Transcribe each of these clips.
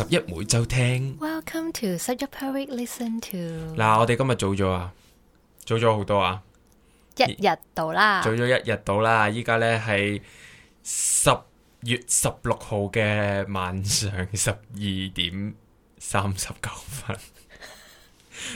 十一每週聽，Welcome to 十一 per week listen to。嗱，我哋今日早咗啊，早咗好多啊，一日到啦，早咗一日到啦。依家咧係十月十六號嘅晚上十二點三十九分。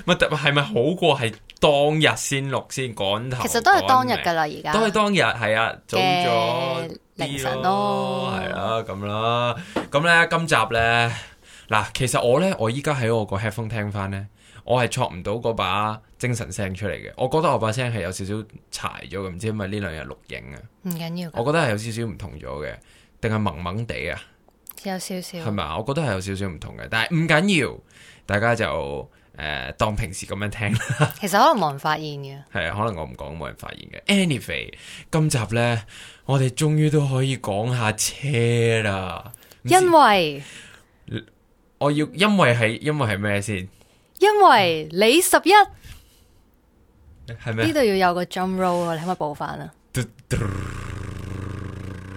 唔係，係咪好過係當日先錄先趕頭？其實都係當日噶啦，而家都係當日係啊，早咗凌晨咯，係啊，咁啦，咁咧今集咧。嗱，其實我咧，我依家喺我個 headphone 聽翻咧，我係錯唔到嗰把精神聲出嚟嘅。我覺得我把聲係有少少柴咗嘅，唔知係咪呢兩日錄影啊？唔緊要，我覺得係有少少唔同咗嘅，定係懵懵地啊？有少少係咪？我覺得係有少少唔同嘅，但係唔緊要，大家就誒、呃、當平時咁樣聽 其實可能冇人發現嘅，係啊，可能我唔講冇人發現嘅。Anyway，今集咧，我哋終於都可以講下車啦，因為。我要因為係因為係咩先？因為你十一係咩？呢度、嗯、要有個 jump roll 啊！你可唔可以補翻啊？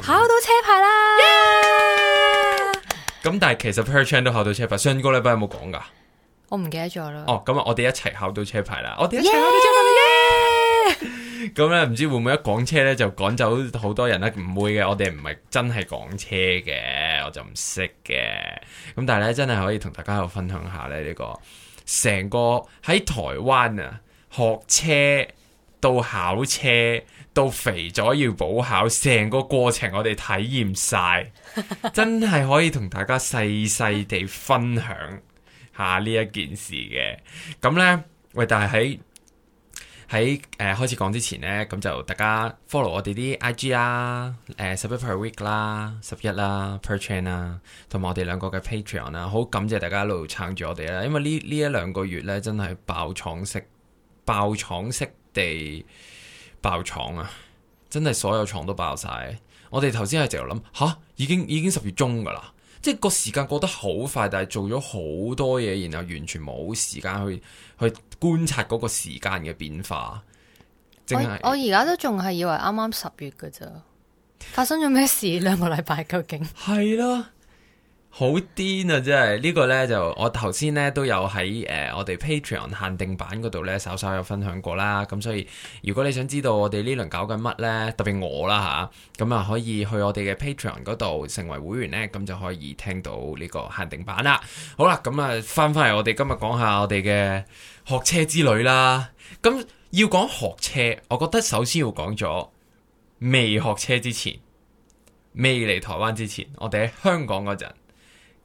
考到車牌啦！咁 Yeah! 但係其實 Perchan 都考到車牌，上個禮拜有冇講噶？我唔記得咗啦。哦，咁啊，我哋一齊考到車牌啦！我哋一齊考到車牌啦！Yeah! Yeah! yeah! 咁咧，唔、嗯、知會唔會一講車咧就趕走好多人咧、啊？唔會嘅，我哋唔係真係講車嘅，我就唔識嘅。咁、嗯、但係咧，真係可以同大家有分享下咧、這個，呢個成個喺台灣啊學車到考車到肥咗要補考，成個過程我哋體驗晒， 真係可以同大家細細地分享下呢一件事嘅。咁咧，喂，但係喺喺誒、呃、開始講之前呢，咁就大家 follow 我哋啲 IG 啦、啊，誒十一 per week 啦、啊，十一啦 Per Chan 啦、啊，同埋我哋兩個嘅 Patreon 啦、啊，好感謝大家一路撐住我哋啦、啊，因為呢呢一兩個月呢，真係爆廠式，爆廠式地爆廠啊，真係所有廠都爆晒。我哋頭先係直頭諗吓，已經已經十月中㗎喇，即係個時間過得好快，但係做咗好多嘢，然後完全冇時間去去。觀察嗰個時間嘅變化，我我而家都仲係以為啱啱十月噶咋，發生咗咩事？兩個禮拜究竟係啦。好癲啊！真係呢、呢個呢，就我頭先呢，都有喺誒、呃、我哋 Patreon 限定版嗰度呢，稍稍有分享過啦，咁所以如果你想知道我哋呢輪搞緊乜呢，特別我啦吓，咁啊可以去我哋嘅 Patreon 嗰度成為會員呢，咁就可以聽到呢個限定版啦。好啦，咁啊翻翻嚟我哋今日講下我哋嘅學車之旅啦。咁要講學車，我覺得首先要講咗未學車之前，未嚟台灣之前，我哋喺香港嗰陣。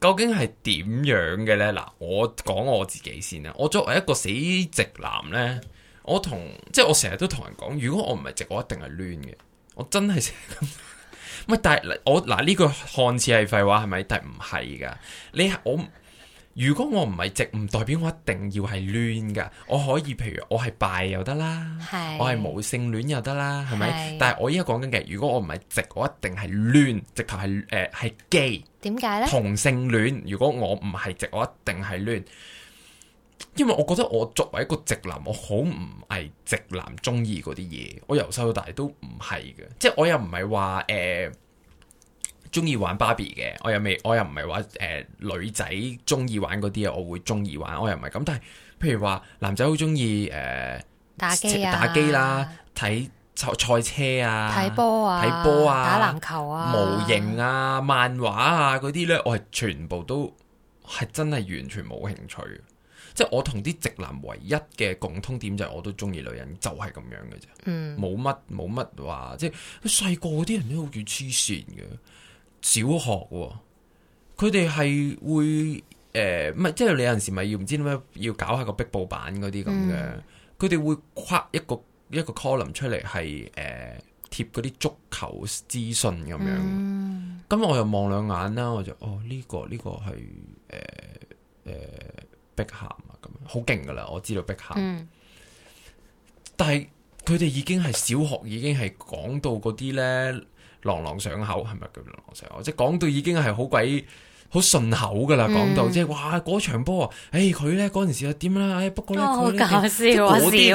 究竟係點樣嘅呢？嗱，我講我自己先啦。我作為一個死直男呢，我同即係我成日都同人講，如果我唔係直，我一定係攣嘅。我真係成日咁。唔 係，但係我嗱呢句看似係廢話，係咪？但係唔係噶，你我。如果我唔係直，唔代表我一定要係亂噶。我可以譬如我係敗又得啦，是我係無性戀又得啦，係咪吧？是但係我依家講緊嘅，如果我唔係直，我一定係亂，直頭係，誒係 gay，點解咧？同性戀，如果我唔係直，我一定係亂。因為我覺得我作為一個直男，我好唔係直男中意嗰啲嘢。我由細到大都唔係嘅，即係我又唔係話，誒。呃中意玩芭比嘅，我又未，我又唔係話誒女仔中意玩嗰啲啊，我會中意玩，我又唔係咁。但係譬如話男仔好中意誒打機啊，打機啦，睇賽賽車啊，睇波啊，睇波啊，打籃球啊，模型啊，漫畫啊嗰啲呢，我係全部都係真係完全冇興趣。即係我同啲直男唯一嘅共通點就係我都中意女人，就係咁樣嘅啫。嗯，冇乜冇乜話，即係細個嗰啲人都好似黐線嘅。小學，佢哋係會誒，唔、呃、係即係你有陣時咪要唔知點樣要搞下個壁布板嗰啲咁嘅，佢哋，嗯、會跨一個一個 column 出嚟，係誒貼嗰啲足球資訊咁樣。咁，嗯、我又望兩眼啦，我就哦呢，這個呢，這個係誒誒碧咸啊，咁樣好勁噶啦，我知道碧咸。嗯，但係佢哋已經係小學，已經係講到嗰啲咧。朗朗上口係咪叫朗朗上口？即係講到已經係好鬼好順口噶啦，講到、嗯、即係哇嗰場波啊！誒佢咧嗰陣時又點啦？不過咧、哦、好搞笑，小學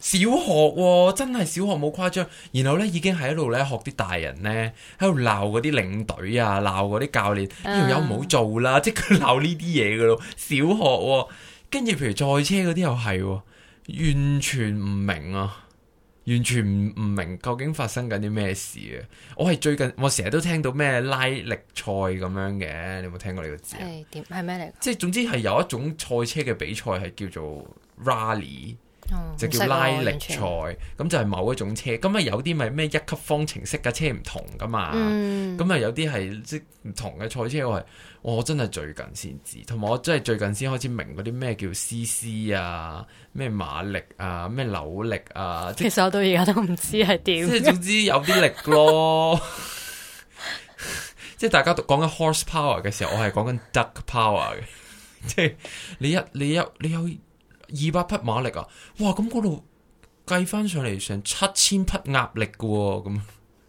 小學、哦、真係小學冇誇張。然後咧已經係喺度咧學啲大人咧喺度鬧嗰啲領隊啊，鬧嗰啲教練，呢條友唔好做啦，即係佢鬧呢啲嘢噶咯。小學跟、哦、住譬如賽車嗰啲又係，完全唔明啊！完全唔唔明究竟發生緊啲咩事啊！我係最近我成日都聽到咩拉力賽咁樣嘅，你有冇聽過呢個字啊？係咩嚟？即係總之係有一種賽車嘅比賽係叫做 rally。嗯、就叫拉力賽，咁就係某一種車，咁啊有啲咪咩一級方程式嘅車唔同噶嘛，咁啊、嗯、有啲係即唔同嘅賽車，我係我真係最近先知，同埋我真係最近先開始明嗰啲咩叫 CC 啊，咩馬力啊，咩扭力啊，即係、其實我到而家都唔知係點，即係總之有啲力咯，即係 大家都講緊 horsepower 嘅時候，我係講緊 duck power 嘅，即、就、係、是、你一你一你有。你有你有二百匹馬力啊！哇，咁嗰度計翻上嚟，成七千匹鴨力嘅，啊，咁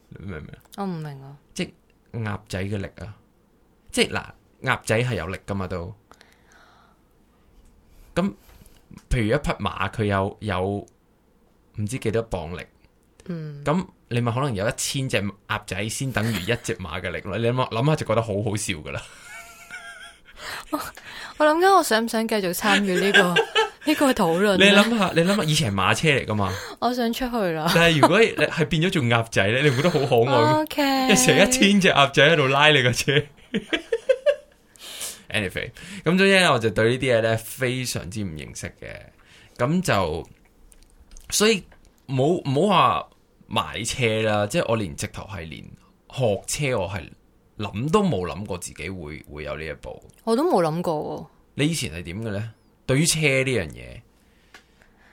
你明唔明啊？我唔明啊，即鴨仔嘅力啊，即嗱鴨仔係有力噶嘛？都咁，譬如一匹馬佢有有唔知幾多磅力，嗯，咁你咪可能有隻鴨一千隻鴨仔先等於一隻馬嘅力咯。你諗諗下就覺得好好笑噶啦。我我諗緊，我想唔想繼續參與呢個？ 呢個討論。你諗下，你諗下，以前係馬車嚟噶嘛？ 我想出去啦。 但係如果你係變咗做鴨仔咧，你會唔覺得好可愛？一成一千隻鴨仔喺度拉你個車。Okay. Anyway，咁所以咧，我就對呢啲嘢咧非常之唔認識嘅。咁就所以，冇唔好話買車啦。即係我連直頭係連學車，我係諗都冇諗過自己會會有呢一步。我都冇諗過哦。你以前係點嘅咧？對於車呢樣嘢，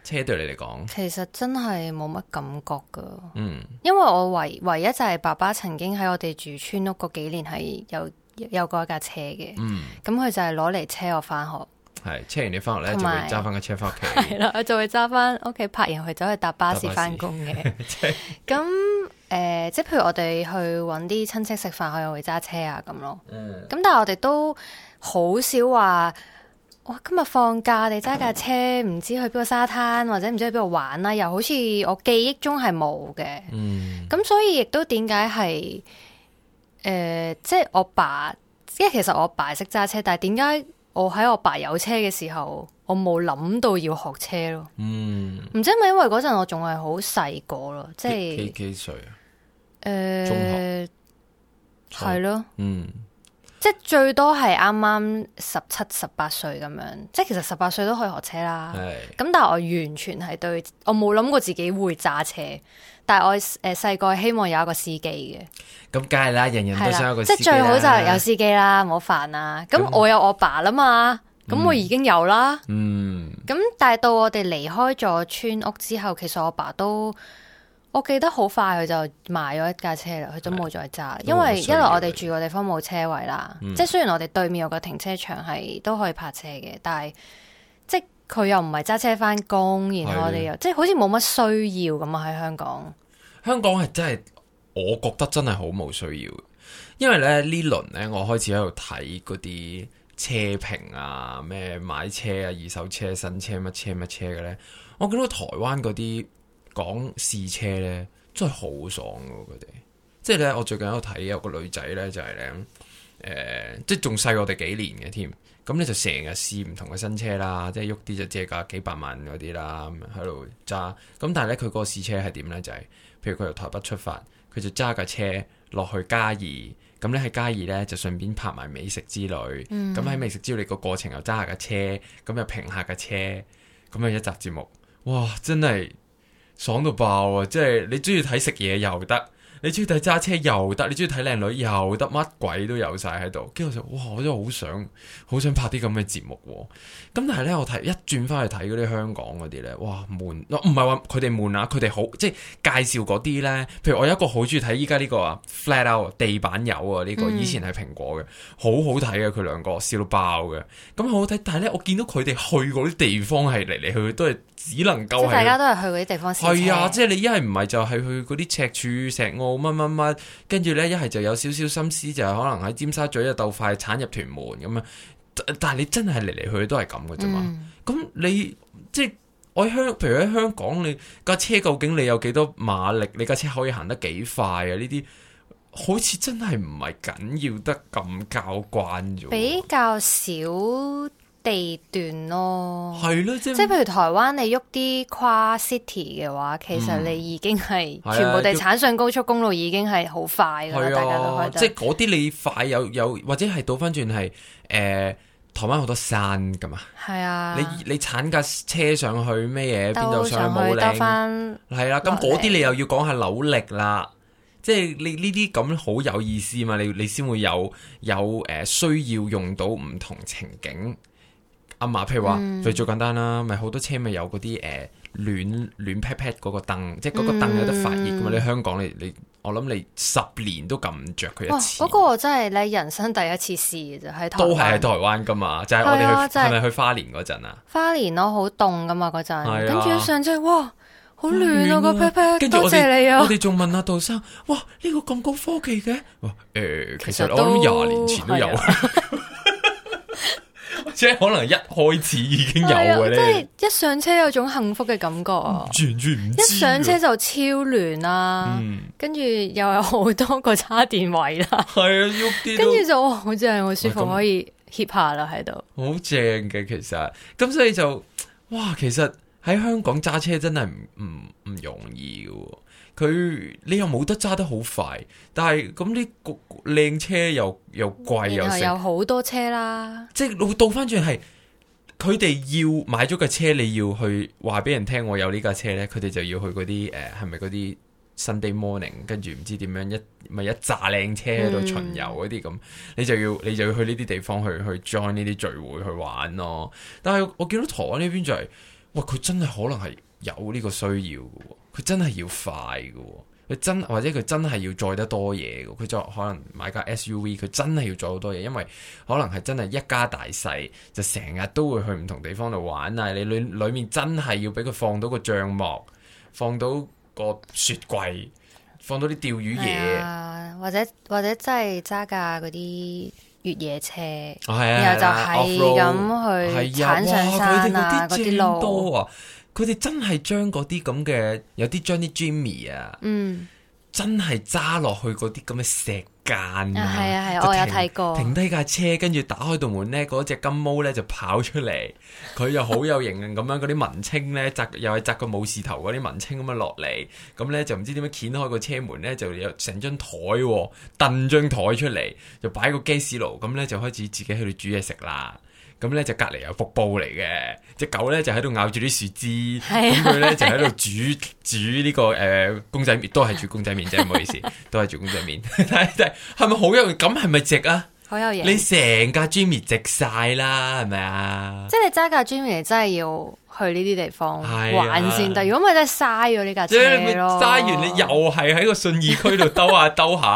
車對你嚟講，其實真係冇乜感覺噶。嗯，因為我唯唯一就係爸爸曾經喺我哋住村屋嗰幾年係有有過一架車嘅。嗯，咁佢就係攞嚟車我翻學。係車完你翻學咧，就會揸翻架車翻屋企。係啦，我就會揸翻屋企拍完去走去搭巴士翻工嘅。咁誒，即係譬如我哋去搵啲親戚食飯，我又會揸車啊咁咯。嗯，咁但係我哋都好少話。我今日放假，你揸架車，唔知去邊個沙灘，或者唔知去邊度玩啦。又好似我記憶中係冇嘅，咁，嗯，所以亦都點解係？誒，呃，即係我爸，即係其實我爸識揸車，但係點解我喺我爸有車嘅時候，我冇諗到要學車咯？嗯，唔知係咪因為嗰陣我仲係好細個咯？即係幾幾歲啊？誒，呃，中學係咯，了嗯。即最多係啱啱十七十八歲咁樣，即其實十八歲都可以學車啦。咁的但係我完全係對，我冇諗過自己會揸車，但係我誒細個希望有一個司機嘅。咁梗係啦，人人都想有一個司機，即最好就係有司機啦，唔好煩啊。咁我有我爸啦嘛，咁、嗯、我已經有啦。嗯。咁但係到我哋離開咗村屋之後，其實我爸都。我記得好快，佢就買咗一架車啦，佢都冇再揸，的因為因為我哋住個地方冇車位啦。即係、嗯、雖然我哋對面有個停車場係都可以泊車嘅，但係即佢又唔係揸車翻工，然後我哋又是的 即係好似冇乜需要咁啊！喺香港，香港係真係我覺得真係好冇需要，因為咧呢輪呢，我開始喺度睇嗰啲車評啊，咩買車啊、二手車、新車乜車乜車嘅呢。我見到台灣嗰啲。講試車呢，真係好爽噶佢哋，即係呢，我最近喺度睇有個女仔呢，就係呢，誒，即係仲細我哋幾年嘅添，咁呢就成日試唔同嘅新車啦，即係喐啲就借架幾百萬嗰啲啦，喺度揸。咁但係呢，佢個試車係點呢？就係，譬如佢由台北出發，佢就揸架車落去嘉義，咁呢喺嘉義呢，就順便拍埋美食之旅。咁喺美食之旅個過程又揸下架車，咁又評下架車，咁樣一集節目，哇！真係～爽到爆啊！即係你中意睇食嘢又得。你中意睇揸車又得，你中意睇靚女又得，乜鬼都有晒喺度。跟住我就，哇！我真係好想，好想拍啲咁嘅節目、哦。咁但係咧，我睇一轉翻去睇嗰啲香港嗰啲咧，哇悶！唔係話佢哋悶啊，佢哋好即係介紹嗰啲咧。譬如我有一個好中意睇依家呢個啊，Flat Out 地板友啊呢、呢個，嗯、以前係蘋果嘅，好好睇啊，佢兩個笑到爆嘅，咁好好睇。但係咧，我見到佢哋去嗰啲地方係嚟嚟去去都係只能夠係大家都係去嗰啲地方，係啊，即係你一係唔係就係去嗰啲赤柱石乜乜乜，跟住、嗯、呢，一係就有少少心思，就可能喺尖沙咀入鬥快，產入屯門咁啊！但係你真係嚟嚟去去都係咁嘅啫嘛。咁、嗯、你即係我喺香，譬如喺香港，你架車究竟你有幾多馬力？你架車可以行得幾快啊？呢啲好似真係唔係緊要得咁交關咗，比較少。地段咯，係咯，即係譬如台灣你喐啲跨 city 嘅話，嗯、其實你已經係的全部地產上高速公路已經係好快噶的大家都覺得，即係嗰啲你快有有或者係倒翻轉係誒台灣好多山噶嘛，係啊的，你你鏟架車上去咩嘢邊度上去冇嶺，係啦，咁嗰啲你又要講下扭力啦，即係你呢啲咁好有意思嘛，你你先會有有誒需要用到唔同情景。譬如話最最簡單啦，咪好多車咪有嗰啲誒暖暖 pat pat 嗰個凳，即係嗰個凳有得發熱噶嘛？你香港你你，我諗你十年都撳唔著佢一次。嗰個真係咧人生第一次試嘅啫，喺都係喺台灣噶嘛，就係我哋去係咪去花蓮嗰陣啊？花蓮咯，好凍噶嘛嗰陣，跟住上真車哇，好暖啊個 pat pat，跟住我哋仲問阿杜生，哇呢個咁高科技嘅，誒其實我諗廿年前都有。即係可能一開始已經有嘅 呢即係一上車有種幸福嘅感覺啊！完全唔知，一上車就超暖啦，跟住又有好多個叉電位啦，係啊，跟住就哇好正好舒服，這樣 可以歇下啦喺度，好正嘅其實，咁所以就哇其實喺香港揸車真係唔唔～、嗯容易嘅，佢你又冇得揸得好快，但係咁啲靚車又又貴又，然後又好多車啦，即係倒翻轉係佢哋要買咗架車，你要去話俾人聽我有呢架車呢，佢哋就要去嗰啲誒係、呃、咪嗰啲 Sunday morning，跟住唔知點樣一咪一紮靚車喺度巡遊嗰啲咁，你就要你就要去呢啲地方去去 join 呢啲聚會去玩咯。但係我見到台灣呢邊就係、是，哇，佢真係可能係。有呢個需要嘅，佢真係要快嘅，佢真或者佢真係要載得多嘢嘅，佢就可能買架 SUV，佢真係要載好多嘢，因為可能係真係一家大細就成日都會去唔同地方度玩啊！你裏裏面真係要俾佢放到個帳幕，放到個雪櫃，放到啲釣魚嘢、啊，或者或者真係揸架嗰啲越野車，啊啊、然後就係咁去、啊，係、啊、剷上山。啲路啊！哇佢哋真係將嗰啲咁嘅，有啲將啲 Jimmy 啊，嗯，真係揸落去嗰啲咁嘅石澗啊，係啊，啊啊停我有睇過，停低架車，跟住打開道門咧，嗰隻金毛咧就跑出嚟，佢又好有型啊咁樣，嗰啲文青咧，紮 又係紮個武士頭嗰啲文青咁樣落嚟，咁咧就唔知點樣掀開個車門咧，就有成張台喎，掟張台出嚟，就擺個 gas 爐，咁咧就開始自己去度煮嘢食啦。咁咧就隔籬有瀑布嚟嘅，隻狗咧就喺度咬住啲樹枝，咁佢咧就喺度煮 煮呢、這個誒、呃、公仔麵，都係煮公仔麵，啫。唔好意思， 都係煮公仔麵，係咪好有？咁係咪值啊？有你成架 Jimmy 值晒啦，係咪啊？即係你揸架 Jimmy 真係要去呢啲地方玩先得，如果唔係真係嘥咗呢架車，嘥完你又係喺個信義區度兜下兜 下，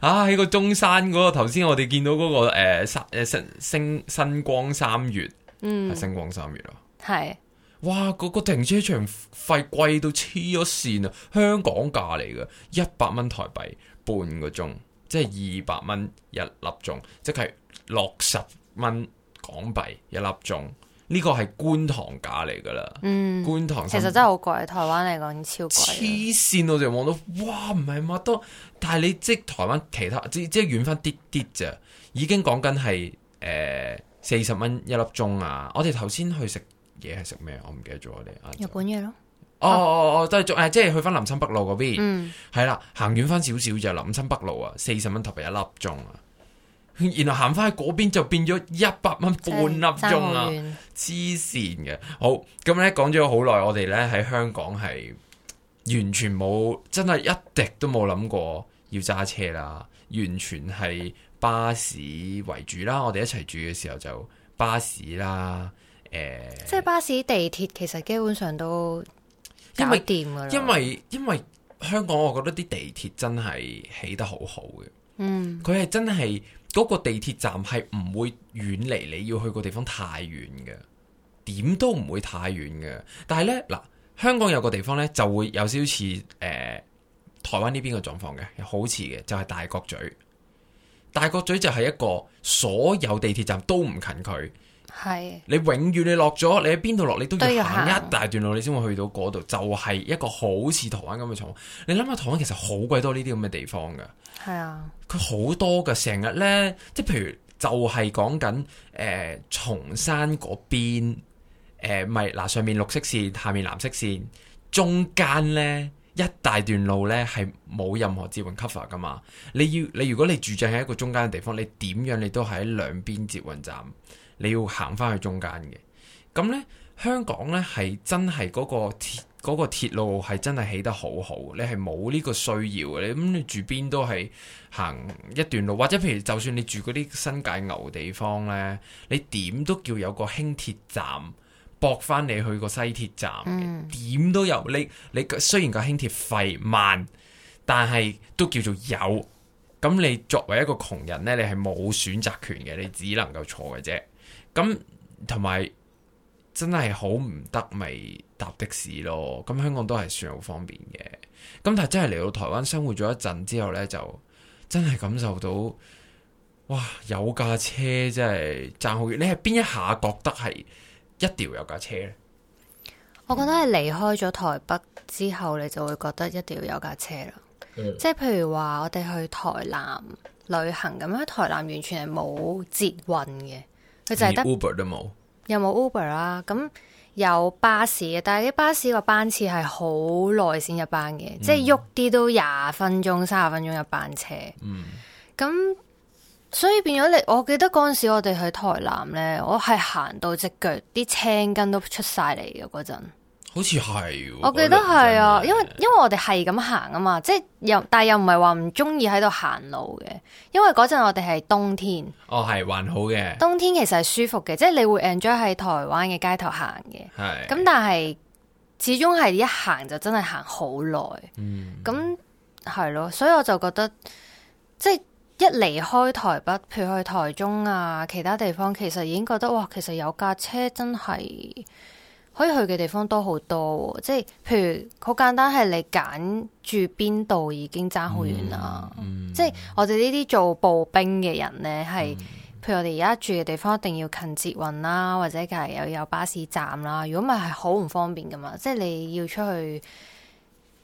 啊喺個中山嗰、那個頭先我哋見到嗰、那個誒誒、呃、星星新光三月，嗯，係新光三月咯，係是哇，嗰、那個停車場費貴到黐咗線啊，香港價嚟噶，一百蚊台幣半個鐘。即係二百蚊一粒鐘，即係六十蚊港幣一粒鐘，呢個係觀塘價嚟㗎啦。嗯、觀塘其實真係好貴，台灣嚟講超貴。黐線我淨係望到，哇！唔係乜都，但係你即台灣其他，即即係遠翻啲啲啫，已經講緊係誒四十蚊一粒鐘啊！我哋頭先去食嘢係食咩？我唔記得咗，我哋日本嘢咯。哦哦哦，都係誒，即係去翻林森北路嗰邊，係啦、嗯，行遠翻少少就林森北路啊，四十蚊投幣一粒鐘啊，然後行翻去嗰邊就變咗一百蚊半粒鐘啦，黐線嘅。好，咁咧講咗好耐，我哋咧喺香港係完全冇，真係一滴都冇諗過要揸車啦，完全係巴士為主啦。我哋一齊住嘅時候就巴士啦，誒、欸，即係巴士、地鐵其實基本上都。因為因為香港，我覺得啲地鐵真係起得好好嘅。嗯，佢係真係嗰、嗰個地鐵站係唔會遠離你要去個地方太遠嘅，點都唔會太遠嘅。但係呢，嗱，香港有個地方呢就會有少少似誒台灣呢邊嘅狀況嘅，好似嘅就係、係、大角咀。大角咀就係一個所有地鐵站都唔近佢。係是，你永遠你落咗，你喺邊度落，你都要行一大段路，你先會去到嗰度，就係一個好似台灣咁嘅情況。你諗下，台灣其實好鬼多呢啲咁嘅地方噶。係啊，佢好多噶，成日咧，即係譬如就係講緊誒，松、呃、山嗰邊誒，咪、呃、嗱上面綠色線，下面藍色線，中間咧一大段路咧係冇任何捷運 cover 噶嘛。你要你如果你住喺一個中間嘅地方，你點樣你都喺兩邊捷運站。你要行翻去中間嘅，咁呢，香港呢係真係嗰個鐵嗰個鐵路係真係起得好好，你係冇呢個需要嘅，你咁你住邊都係行一段路，或者譬如就算你住嗰啲新界牛地方呢，你點都叫有個輕鐵站，駁翻你去個西鐵站嘅，點、嗯、都有。你你雖然個輕鐵費慢，但係都叫做有。咁你作為一個窮人呢，你係冇選擇權嘅，你只能夠坐嘅啫。咁同埋真係好唔得，咪搭的士咯。咁香港都係算好方便嘅。咁但係真係嚟到台灣生活咗一陣之後呢，就真係感受到哇，有架車真係爭好遠。你係邊一下覺得係一定要有架車呢？我覺得係離開咗台北之後，你就會覺得一定要有架車啦。嗯。即係譬如話，我哋去台南旅行咁樣，台南完全係冇捷運嘅。佢就係得 Uber 都冇，有冇 Uber 啦？咁有、啊、有巴士嘅，但係啲巴士個班次係好耐先一班嘅。嗯、即係喐啲都廿分鐘、三十分鐘一班車。嗯，咁所以變咗你，我記得嗰陣時我哋去台南咧，我係行到隻腳啲青筋都出晒嚟嘅嗰陣。好似係，我記得係啊因，因為因為我哋係咁行啊嘛，即係又但係又唔係話唔中意喺度行路嘅，因為嗰陣我哋係冬天，哦係還好嘅，冬天其實係舒服嘅，即係你會 enjoy 喺台灣嘅街頭行嘅，係，咁但係始終係一行就真係行好耐，嗯，咁係咯，所以我就覺得即係一離開台北，譬如去台中啊，其他地方，其實已經覺得哇，其實有架車真係。可以去嘅地方都好多，即係譬如好簡單係你揀住邊度已經差好遠啦。嗯嗯、即係我哋呢啲做步兵嘅人呢，係、嗯、譬如我哋而家住嘅地方一定要近捷運啦，或者係有有巴士站啦。如果唔係係好唔方便噶嘛，即係你要出去，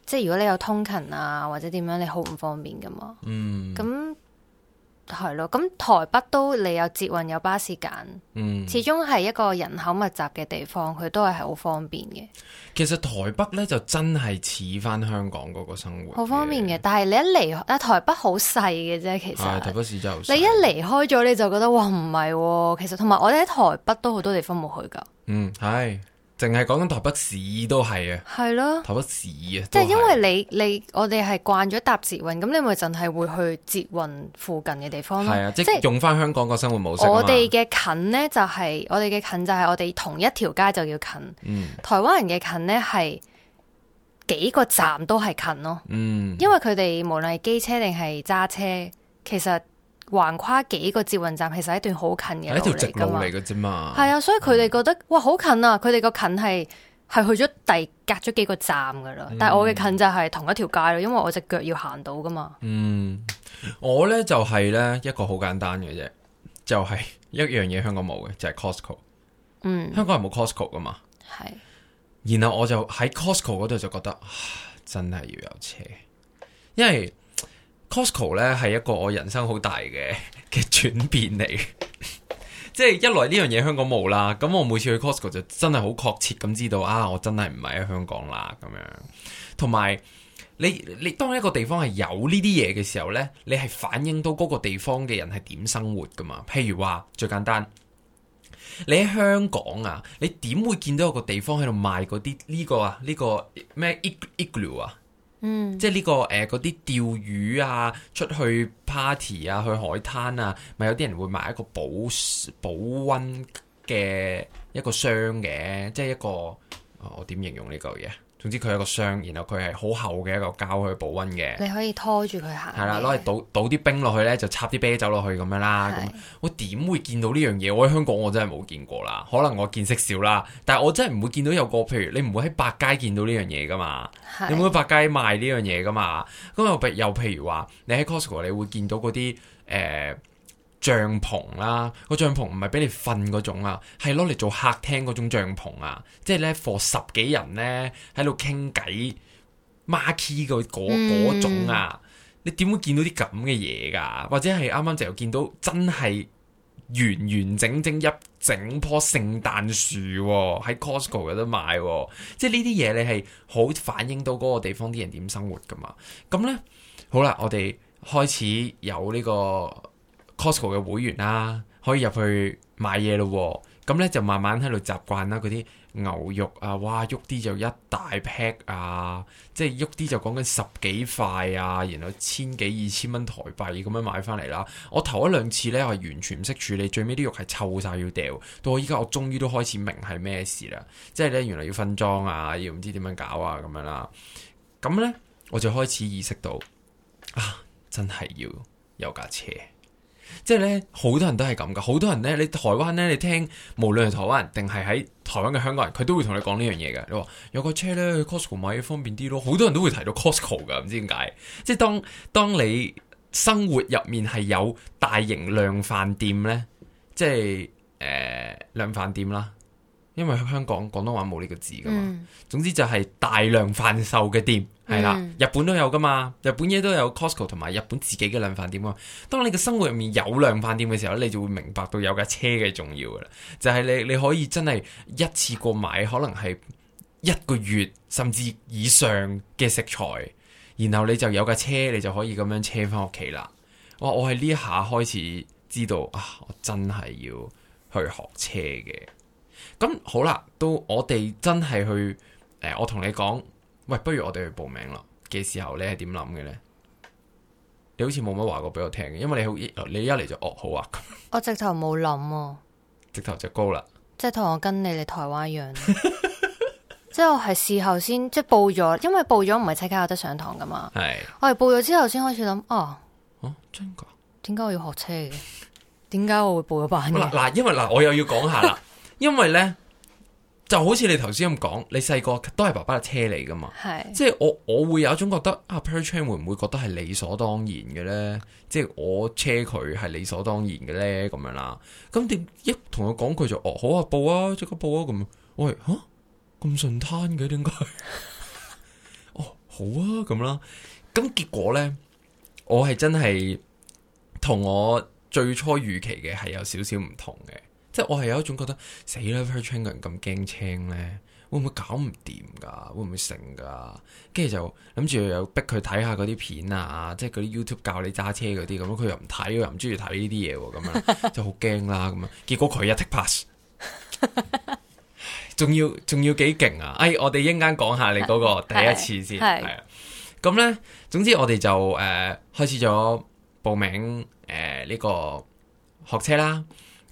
即係如果你有通勤啊或者點樣，你好唔方便噶嘛。嗯，咁。係咯，咁台北都你有捷運有巴士揀，嗯，始終係一個人口密集嘅地方，佢都係係好方便嘅。其實台北呢，就真係似翻香港嗰個生活，好方便嘅。但係你一離啊台北好細嘅啫，其實，哎、台北市真係好細。你一離開咗，你就覺得哇，唔係，哦，其實同埋我哋喺台北都好多地方冇去噶。嗯，係。淨係講緊台北市都係啊，係咯，台北市啊，即係因為你你我哋係慣咗搭捷運，咁你咪淨係會去捷運附近嘅地方咯。係啊，即係用翻香港個生活模式我、就是。我哋嘅近呢，就係我哋嘅近就係我哋同一條街就要近。嗯、台灣人嘅近呢，係幾個站都係近咯。嗯，因為佢哋無論係機車定係揸車，其實。橫跨幾個捷運站，其實一段好近嘅路嚟噶嘛。係一條直路嚟噶啫嘛。係啊，所以佢哋覺得、嗯、哇，好近啊！佢哋個近係係去咗第隔咗幾個站噶啦。嗯、但係我嘅近就係同一條街咯，因為我隻腳要行到噶嘛。嗯，我呢就係、是、呢一個好簡單嘅啫，就係、是、一樣嘢香港冇嘅，就係、是、Costco。嗯，香港人冇 Costco 噶嘛。係是。然後我就喺 Costco 嗰度就覺得，真係要有車，因為。Costco 咧，係一個我人生好大嘅嘅轉變嚟。 即係一來呢樣嘢，香港冇啦，咁我每次去 Costco 就真係好確切咁知道啊，我真係唔係喺香港啦咁樣。同埋你你當一個地方係有呢啲嘢嘅時候咧，你係反映到嗰個地方嘅人係點生活噶嘛？譬如話最簡單，你喺香港啊，你點會見到有個地方喺度賣嗰啲呢個啊呢個咩 Igloo 啊？嗯，即係、這、呢個誒，嗰啲釣魚啊，出去 party 啊，去海灘啊，咪有啲人會買一個保保温嘅一個箱嘅，即係一個，哦、我點形容呢個嘢？總之佢係個箱，然後佢係好厚嘅一個膠去保溫嘅。你可以拖住佢行。係啦，攞嚟倒倒啲冰落去咧，就插啲啤酒落去咁樣啦。是我點會見到呢樣嘢？我喺香港我真係冇見過啦。可能我見識少啦，但係我真係唔會見到有個譬如你唔會喺百佳見到呢樣嘢噶嘛？是你唔會喺百佳賣呢樣嘢噶嘛？咁又譬又譬如話，你喺 Costco 你會見到嗰啲誒。呃帳篷啦、啊，個帳篷唔係俾你瞓嗰種啊，係攞嚟做客廳嗰種帳篷啊，即係呢 for 十幾人呢，喺度傾偈，marky 個嗰種啊，嗯、你點會見到啲咁嘅嘢㗎？或者係啱啱就見到真係完完整整一整棵聖誕樹喎、啊，喺 Costco 有得買、啊，即係呢啲嘢你係好反映到嗰個地方啲人點生活噶嘛？咁呢，好啦，我哋開始有呢、這個 Costco 嘅會員啦、啊，可以入去買嘢咯、啊。咁呢就慢慢喺度習慣啦、啊。嗰啲牛肉啊，哇，喐啲就一大劈啊，即係喐啲就講緊十幾塊啊，然後千幾二千蚊台幣咁樣買翻嚟啦。我頭一兩次呢，我係完全唔識處理，最尾啲肉係臭晒要掉。到我依家，我終於都開始明係咩事啦。即係呢，原來要分裝啊，要唔知點樣搞啊，咁樣啦、啊。咁呢，我就開始意識到啊，真係要有架車。即係咧，好多人都係咁噶，好多人咧，你台灣咧，你聽，無論係台灣人定係喺台灣嘅香港人，佢都會同你講呢樣嘢嘅。你話有個車咧，去 Costco 買嘢方便啲咯，好多人都會提到 Costco 噶，唔知點解。即係當當你生活入面係有大型量販店咧，即係誒、呃、量販店啦。因為香港廣東話冇呢個字噶嘛，嗯、總之就係大量販售嘅店係啦，嗯、日本都有噶嘛，日本嘢都有 Costco 同埋日本自己嘅量販店啊。當你嘅生活入面有量販店嘅時候，你就會明白到有架車嘅重要噶啦。就係、是、你你可以真係一次過買可能係一個月甚至以上嘅食材，然後你就有架車，你就可以咁樣車返屋企啦。我我係呢下開始知道啊，我真係要去學車嘅。咁好啦，到我哋真係去誒、欸，我同你講，喂，不如我哋去報名咯嘅時候，你係點諗嘅咧？你好似冇乜話過俾我聽嘅，因為你好，你一嚟就哦，好啊！我直頭冇諗，直頭就高啦。即係同我跟你嚟台灣一樣， 即係我係事後先即係報咗，因為報咗唔係即刻有得上堂噶嘛。係是我係報咗之後先開始諗，哦、啊啊，真噶？點解我要學車嘅？點解 我會報咗班嘅？嗱嗱，因為嗱，我又要講下啦。 因為呢，就好似你頭先咁講，你細個都係爸爸車你噶嘛，是即係我我會有一種覺得阿 Per Chan 會唔會覺得係理所當然嘅呢？即係我車佢係理所當然嘅呢？咁樣啦。咁點一同佢講，佢就哦好啊，報啊，即刻報啊咁。喂，吓咁順攤嘅？點解？哦，好啊咁啦。咁結果呢，我係真係同我最初預期嘅係有少少唔同嘅。即係我係有一種覺得死啦，學車人咁驚青咧，會唔會搞唔掂噶？會唔會成噶？跟住就諗住又逼佢睇下嗰啲片啊，即係嗰啲 YouTube 教你揸車嗰啲咁，佢又唔睇，又唔中意睇呢啲嘢，咁樣就好驚啦。咁啊，結果佢一 take pass，仲 要仲要幾勁啊！哎，我哋一陣間講下你嗰、嗰個第一次先係啊。咁咧，總之我哋就誒、呃、開始咗報名誒呢、呃呢個學車啦。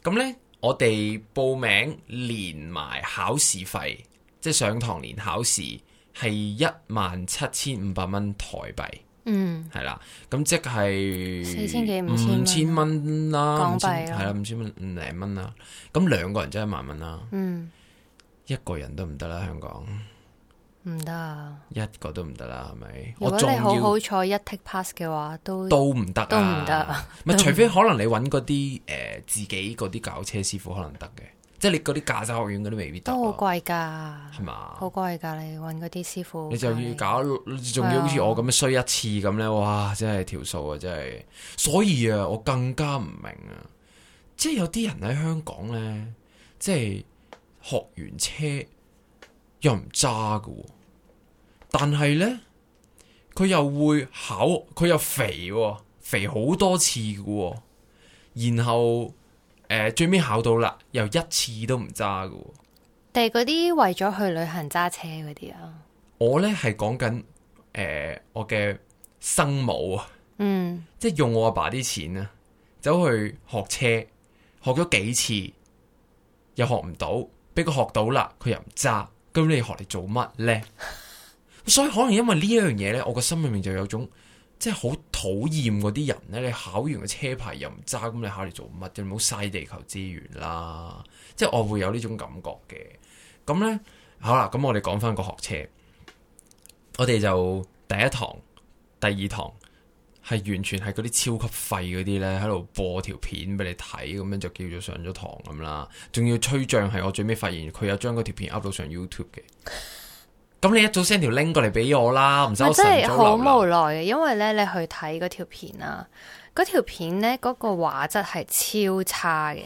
咁咧。我哋報名連埋考試費，即係上堂連考試係一萬七千五百蚊台幣，嗯，係啦，咁即係四千幾五千蚊啦，港幣係啦，五千蚊五零蚊啦，咁兩個人就一萬蚊啦，嗯，一個人都唔得啦，香港。唔得啊！一個都唔得啦，係咪？如果你好好彩一 take pass 嘅話，都都唔得啊！唔係、啊、 除非可能你揾嗰啲誒自己嗰啲搞車師傅可能得嘅， 即係你嗰啲駕駛學院嗰啲未必得、啊。都好貴噶，係嘛？好貴噶！你揾嗰啲師傅，你就要搞，仲要好似我咁樣衰一次咁咧， 哇！真係條數啊，真係！所以啊，我更加唔明啊，即係有啲人喺香港咧，即係學完車又唔揸噶。但係呢，佢又會考，佢又肥，哦，肥好多次噶，哦，然後誒、呃、最尾考到啦，又一次都唔揸噶。但係嗰啲為咗去旅行揸車嗰啲啊，我呢係講緊誒我嘅生母啊，嗯，即係用我阿爸啲錢啊，走去學車，學咗幾次又學唔到，俾佢學到啦，佢又唔揸，咁你學嚟做乜呢？ 所以可能因為呢一樣嘢，呢我個心裏面就有種，即係好討厭嗰啲人，呢你考完個車牌又唔揸，咁你考嚟做乜？就唔好嘥地球資源啦！即係我會有呢種感覺嘅。咁呢，好啦，咁我哋講翻個學車，我哋就第一堂、第二堂係完全係嗰啲超級廢嗰啲呢喺度播條片俾你睇，咁樣就叫做上咗堂咁啦。仲要吹脹，係我最尾發現，佢有將嗰條片 up 到上 YouTube 嘅。 咁你一早 send 條 link 過嚟俾我啦，唔使我真係好無奈嘅，因為咧你去睇嗰條片啦，嗰條片咧嗰、嗰個畫質係超差嘅，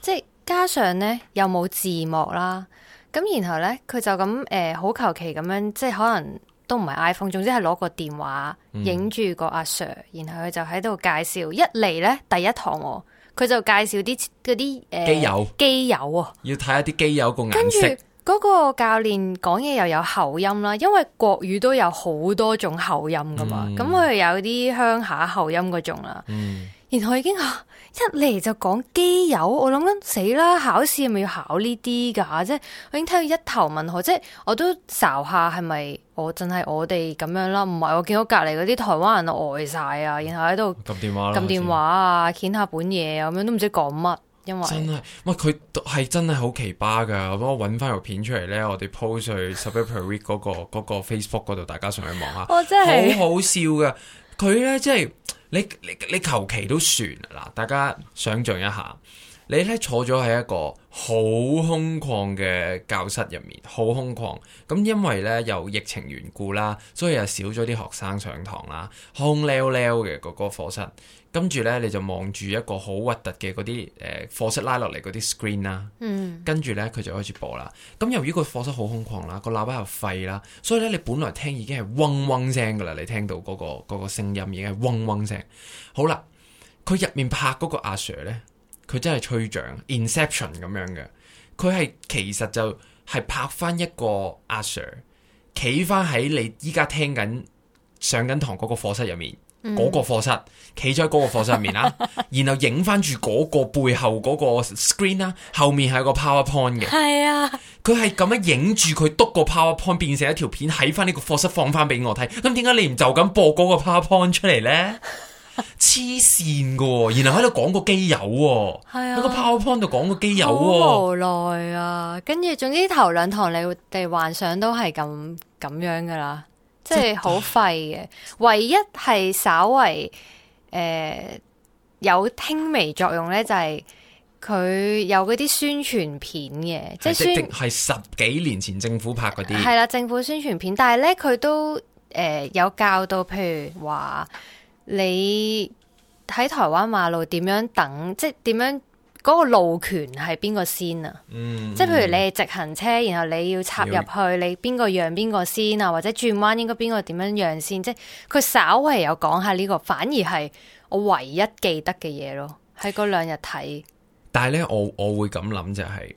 即係加上咧又冇字幕啦。咁然後咧佢就咁誒，好求其咁樣，呃、即係可能都唔係 iPhone，總之係攞個電話影住個阿 Sir、嗯、然後佢就喺度介紹。一嚟咧第一堂，佢就介紹啲嗰啲誒，機友機友啊，要睇下啲機友個顏色。跟嗰個教練講嘢又有口音啦，因為國語都有好多種口音噶嘛，咁佢又有啲鄉下口音嗰種啦。嗯、然後已經嚇、啊、一嚟就講機油，我諗緊死啦！考試係咪要考呢啲噶？即係我已經聽到一頭問號，即係我都睄下係咪我真係我哋咁樣啦？唔係我見到隔離嗰啲台灣人呆晒啊，然後喺度撳電話、撳電話啊，揭下本嘢咁樣，都唔知講乜。真係，哇！佢係真係好奇葩㗎。我幫我揾翻條片出嚟呢，我哋 post 去拾壹每週聽嗰個 Facebook 嗰度，大家上去望下。我真係好好笑嘅，佢呢即係你你你求其都算嗱，大家想象一下，你呢坐咗喺一個好空曠嘅教室入面，好空曠。咁因為呢有疫情緣故啦，所以又少咗啲學生上堂啦，空溜溜嘅嗰個課室。跟住咧，你就望住一個好核突嘅嗰啲誒課室拉落嚟嗰啲 screen 啦。嗯。跟住咧，佢就開始播啦。咁由於個課室好空曠啦，個喇叭又廢啦，所以咧你本來聽已經係嗡嗡聲噶啦，你聽到嗰個嗰個聲音已經係嗡嗡聲。好啦，佢入面拍嗰個阿 Sir 咧，佢真係吹脹，Inception 咁樣嘅。佢係其實就係拍翻一個阿 Sir，企翻喺你依家聽緊上緊堂嗰個課室入面。嗰、嗯、個課室，企咗喺嗰個課室入面啦，然後影翻住嗰個背後嗰個 screen 啦，後面係個 PowerPoint 嘅。係啊，佢係咁樣影住佢督個 PowerPoint 變成一條片，喺翻呢個課室放翻俾我睇。咁點解你唔就咁播嗰個 PowerPoint 出嚟咧？黐線噶，然後喺度講個基友，喺是、啊、個 PowerPoint 度講個基友，是啊、友無奈啊！跟住，總之頭兩堂你哋幻想都係咁咁樣噶啦。即係好廢嘅，唯一係稍為誒、呃、有輕微作用咧，就係佢有嗰啲宣傳片嘅，即係宣係十幾年前政府拍嗰啲，係啦，政府宣傳片，但係咧，佢都誒、呃、有教到，譬如話你喺台灣馬路點樣等，即係點樣。嗰個路權係邊個先啊？嗯，即係譬如你係直行車，然後你要插入去，要你邊個讓邊個先啊？或者轉彎應該邊個點樣讓先啊？即係佢稍微有講下呢個，反而係我唯一記得嘅嘢咯。喺嗰兩日睇，但係呢，我我會咁諗就係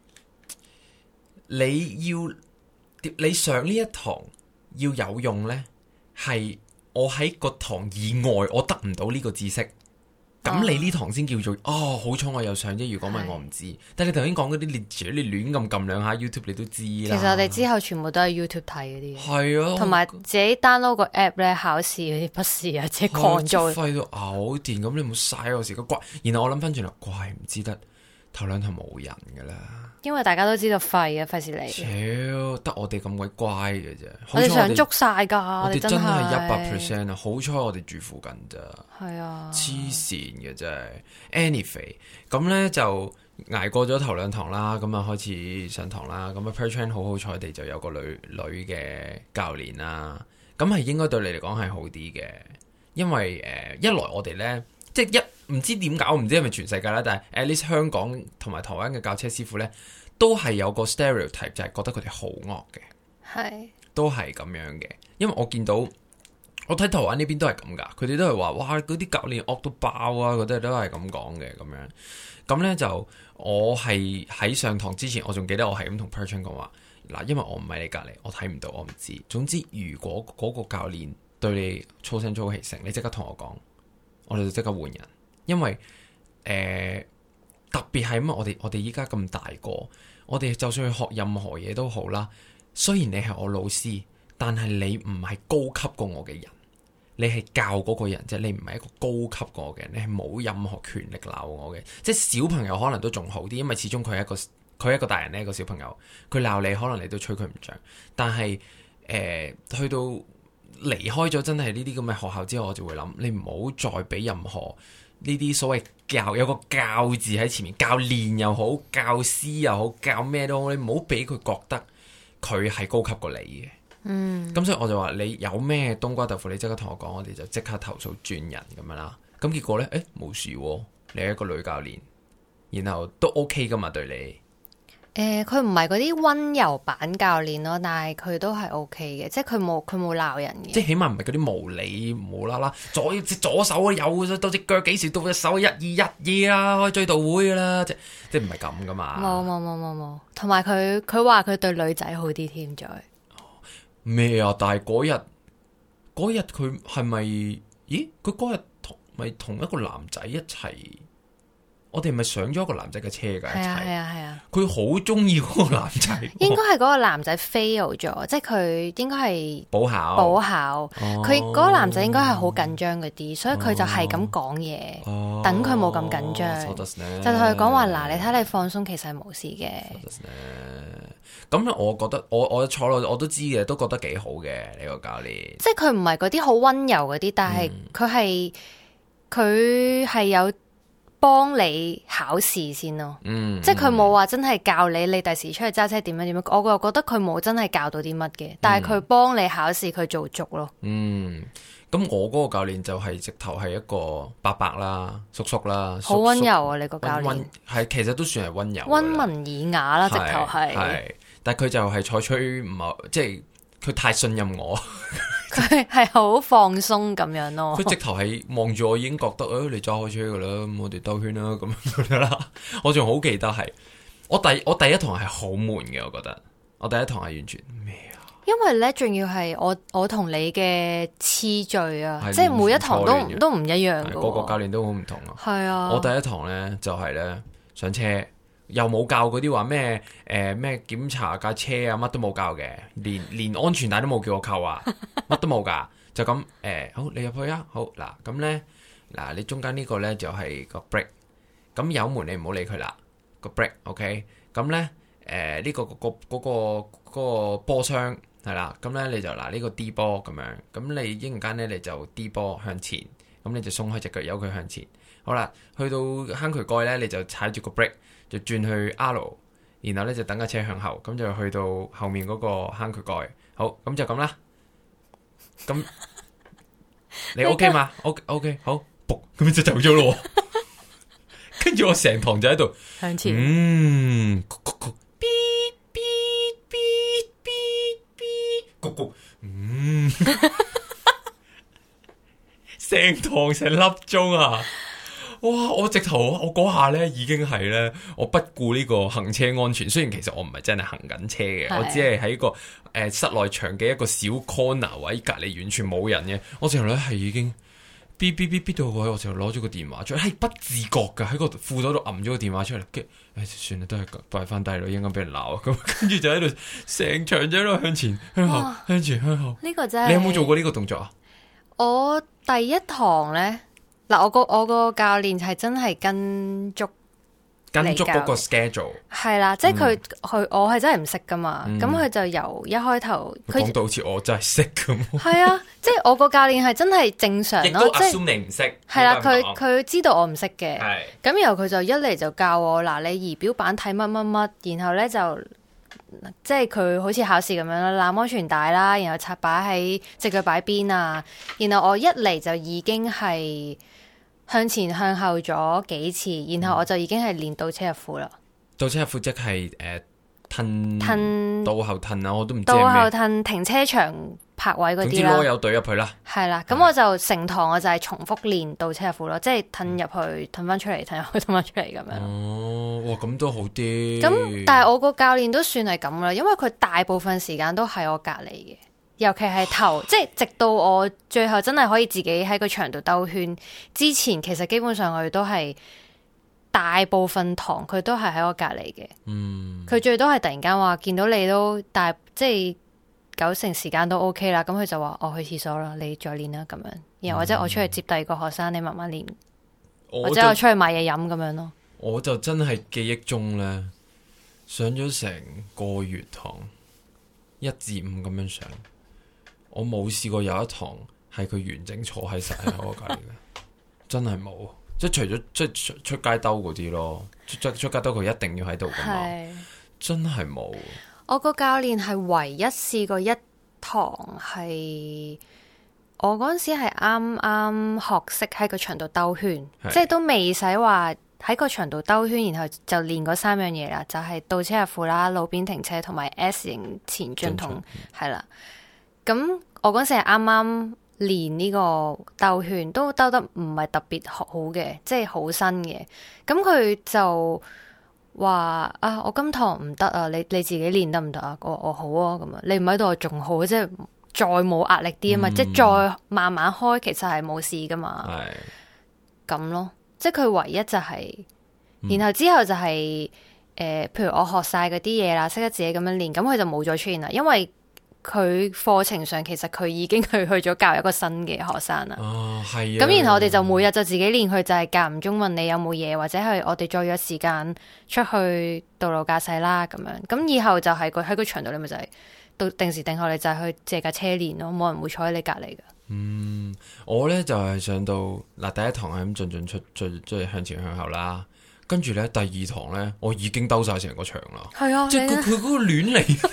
你要你上呢一堂要有用呢？係我喺個堂以外我得唔到呢個知識。咁你呢堂先叫做哦，好彩、哦啊、我又上啫！如果唔係我唔知。但係你頭先講嗰啲列你亂咁撳兩下 YouTube 你都知啦。其實我哋之後全部都係 YouTube 睇嗰啲。係啊，同埋自己 download 個 app 咧，考試嗰啲筆試啊，即係過載。哦、咬 費到嘔電咁，你冇嘥我時間。怪，然後我諗翻轉頭，怪唔知得。頭兩堂冇人噶啦，因為大家都知道廢啊，費事嚟。屌，得我哋咁鬼乖嘅啫，我哋想捉晒噶，我哋真係一百 percent 啊！好彩我哋住附近咋，係啊，黐線嘅真係。Anyway，咁呢就挨過咗頭兩堂啦，咁啊開始上堂啦，咁啊 per train 好好彩地就有個女女嘅教練啦，咁係應該對你嚟講係好啲嘅，因為誒、呃、一來我哋呢。即係一唔知點解，我唔知係咪全世界啦，但係 at least 香港同埋台灣嘅教車師傅呢，都係有個 stereotype 就係覺得佢哋好惡嘅，係是都係咁樣嘅。因為我見到我睇台灣呢邊都係咁噶，佢哋都係話哇嗰啲教練惡到爆啊，佢哋都係咁講嘅咁樣。咁呢就我係喺上堂之前，我仲記得我係咁同 Perchan 講話嗱，因為我唔喺你隔籬，我睇唔到，我唔知。總之如果嗰個教練對你粗聲粗氣成，你即刻同我講。我哋就即刻換人，因為誒、呃、特別係乜？我哋我哋依家咁大個，我哋就算去學任何嘢都好啦。雖然你係我老師，但係你唔係高級過我嘅人，你係教嗰個人啫。你唔係一個高級過我嘅人，你係冇任何權力鬧我嘅。即係小朋友可能都仲好啲，因為始終佢係一個佢係一個大人咧，一個小朋友，佢鬧你可能你都吹佢唔脹。但係誒、呃、去到。離開咗真係呢啲咁嘅學校之後，我就會諗，你唔好再俾任何呢啲所謂教有個教字喺前面，教練又好，教師又好，教咩都好，你唔好俾佢覺得佢係高級過你嘅。嗯，咁所以我就話你有咩冬瓜豆腐，你即刻同我講，我哋就即刻投訴轉人咁樣啦。咁結果呢，誒、欸、冇事喎，你係一個女教練，然後都 OK 噶嘛對你。誒，佢唔係嗰啲溫柔版教練咯，但係佢都係 OK 嘅，即係佢冇佢冇鬧人嘅。即係起碼唔係嗰啲無理無啦啦，左左手啊，右到隻腳，幾時到隻手一二一二啦，開追悼會噶啦，即係唔係咁噶嘛。冇冇冇冇冇，同埋佢佢話佢對女仔好啲添咗。咩啊？但係嗰日嗰日佢係咪？咦？佢嗰日同咪同一個男仔一齊？我哋咪上咗一個男仔嘅車噶，係啊係啊，佢好中意嗰個男仔， 應該係嗰個男仔 fail 咗，即係佢應該係補考，補考，佢嗰、哦、個男仔應該係好緊張嗰啲，哦、所以佢就係咁講嘢，哦、等佢冇咁緊張，哦、就同佢講話嗱，啊、你睇你放鬆，其實係冇事嘅。咁，我覺得我我,我坐落我都知嘅，都覺得幾好嘅呢、這個教練。即係佢唔係嗰啲好温柔嗰啲，但係佢係佢係有。幫你考試先咯，嗯、即係佢冇話真係教你，你第時出去揸車點樣點樣，我又覺得佢冇真係教到啲乜嘅，嗯、但係佢幫你考試佢做足咯。嗯，咁我嗰個教練就係直頭係一個伯伯啦，叔叔啦，好溫柔啊！你個教練溫係其實都算係溫柔，溫文爾雅啦，直頭係，但係佢就係採取唔係，即係佢太信任我。 佢係好放鬆咁樣咯，佢 直頭係望住我，已經覺得，誒、哎，你揸開，開車揸開車噶啦，我哋兜圈啦，咁樣啦。我仲好記得係，我第我第一堂係好悶嘅，我覺得，我第一堂係完全咩啊？因為咧，仲要係我我同你嘅次序啊，是即係每一堂都戀都唔一樣、哦，個個教練都好唔同啊。係啊，我第一堂咧就係、是、咧上車。又冇教嗰啲話咩？誒咩檢查架車啊，乜都冇教嘅，連連安全帶都冇叫我扣啊，乜都冇㗎。就咁誒、呃，好，你入去啊。好嗱，咁咧嗱，你中間呢、就是、個咧就係個 brake。咁油門你唔好理佢啦，個 brake。OK，咁咧誒呢個個嗰個個，個，個波箱，係啦。咁咧你就嗱呢、這個 D 波咁樣，咁你一陣間咧你就 D 波向前，咁你就鬆開隻腳，由佢向前。好啦，去到坑渠蓋咧，你就踩住個 brake 就轉去 R，然後咧就等架車向後，咁就去到後面嗰個坑渠蓋。好，咁就咁啦。咁你 OK 嗎？O O K，好，咁就走咗咯。跟住 我成堂就喺度，向前。嗯，咕咕咕，嗶嗶嗶嗶嗶，咕咕，嗯，成 堂成粒鐘啊！哇！我直頭，我嗰下咧已經係咧，我不顧呢個行車安全。雖然其實我唔係真係行緊車嘅，的我只係喺個誒、呃、室內場嘅一個小 corner 位，隔籬完全冇人嘅。我直頭咧係已經嗶嗶嗶嗶到過去，我就攞咗個電話出嚟，係不自覺噶，喺個褲袋度揞咗個電話出嚟、哎。跟，算啦，都係擺翻低二女應該俾人鬧。咁跟住就喺度成場咗咯，向前、向後、哇向前、向後。呢個真，你有冇做過呢個動作啊？我第一堂咧。嗱，我個我個教練係真係跟足跟足嗰個 schedule，係啦，即係佢佢我係真係唔識㗎嘛，咁佢、嗯、就由一開頭講到好似我真係識咁，係 啊，即係我個教練係真係正常咯，即係你唔識係啦，佢佢知道我唔識嘅，咁的然後佢就一嚟就教我嗱，你儀表板睇乜乜乜，然後咧就即係佢好似考試咁樣啦，攬安全帶啦，然後插擺喺隻腳擺邊啊，然後我一嚟就已經係。向前向後咗幾次，然後我就已經係練倒車入庫啦。倒車入庫即係誒，褪褪倒後褪啊，我都唔知。倒後褪停車場泊位嗰啲啦，總之都有懟入去啦。係啦，咁我就的成堂我就係重複練倒車入庫咯，即係褪入去，褪翻出嚟，褪入去，褪翻出嚟咁樣。哦，哇，咁都好啲。咁但係我個教練都算係咁啦，因為佢大部分時間都喺我隔籬嘅。尤其係頭，即係直到我最後真係可以自己喺個場度兜圈之前，其實基本上我哋都係大部分堂，佢都係喺我隔籬嘅。嗯，佢最多係突然間話見到你都大，即係九成時間都 OK 啦。咁佢就話我去廁所啦，你再練啦咁樣，然後或者我出去接第二個學生，你慢慢練，就或者我出去買嘢飲咁樣咯。我就真係記憶中咧，上咗成個月堂，一至五咁樣上。我冇試過有一堂係佢完整坐喺晒我隔離嘅， 真係冇。即係除咗即係出街兜嗰啲咯，出出街兜佢一定要喺度噶嘛，是真係冇。我個教練係唯一試過一堂係，我嗰陣時係啱啱學識喺個場度兜圈，是即係都未使話喺個場度兜圈，然後就練嗰三樣嘢啦，就係、是、倒車入庫啦、路邊停車同埋 S 型前進同係啦。咁我嗰時係啱啱練呢個兜圈，都兜得唔係特別好嘅，即係好新嘅。咁佢就話啊，我今堂唔得啊，你你自己練得唔得啊？我我好啊，咁啊，你唔喺度仲好，即係再冇壓力啲啊嘛，嗯、即係再慢慢開，其實係冇事噶嘛。咁是咯，即係佢唯一就係、是，然後之後就係、是、誒，嗯、譬如我學晒嗰啲嘢啦，識得自己咁樣練，咁佢就冇再出現啦，因為。佢課程上其實佢已經去去咗教一個新嘅學生啦。哦，係。咁然後我哋就每日就自己練佢，就係間唔中問你有冇嘢？或者係我哋再約時間出去道路駕駛啦咁樣。咁以後就係佢喺個場度你咪就係、是、到定時定候，你就去借架車練咯，冇人會坐喺你隔籬噶。嗯，我咧就係、是、上到嗱第一堂係咁進進出出，即係向前向後啦。跟住咧第二堂咧，我已經兜晒成個場啦。係啊，即佢嗰個亂嚟。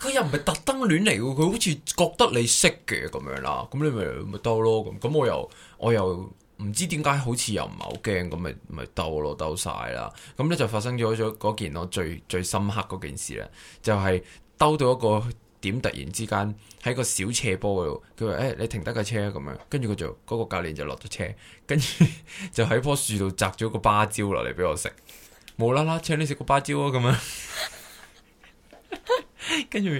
佢又唔係特登亂嚟嘅，佢好似覺得你識嘅咁樣啦，咁你咪咪兜咯咁。咁我又我又唔知點解，好似又唔係好驚，咁咪咪兜咯，兜晒啦。咁呢就發生咗咗嗰件我最最深刻嗰件事咧，就係兜到一個點，突然之間喺個小斜坡嗰度，佢話，誒，你停得架車啊？咁樣，跟住佢就嗰個教練就落咗車，跟住就喺棵樹度摘咗個芭蕉落嚟俾我食，無啦啦請你食個芭蕉啊！咁樣。跟住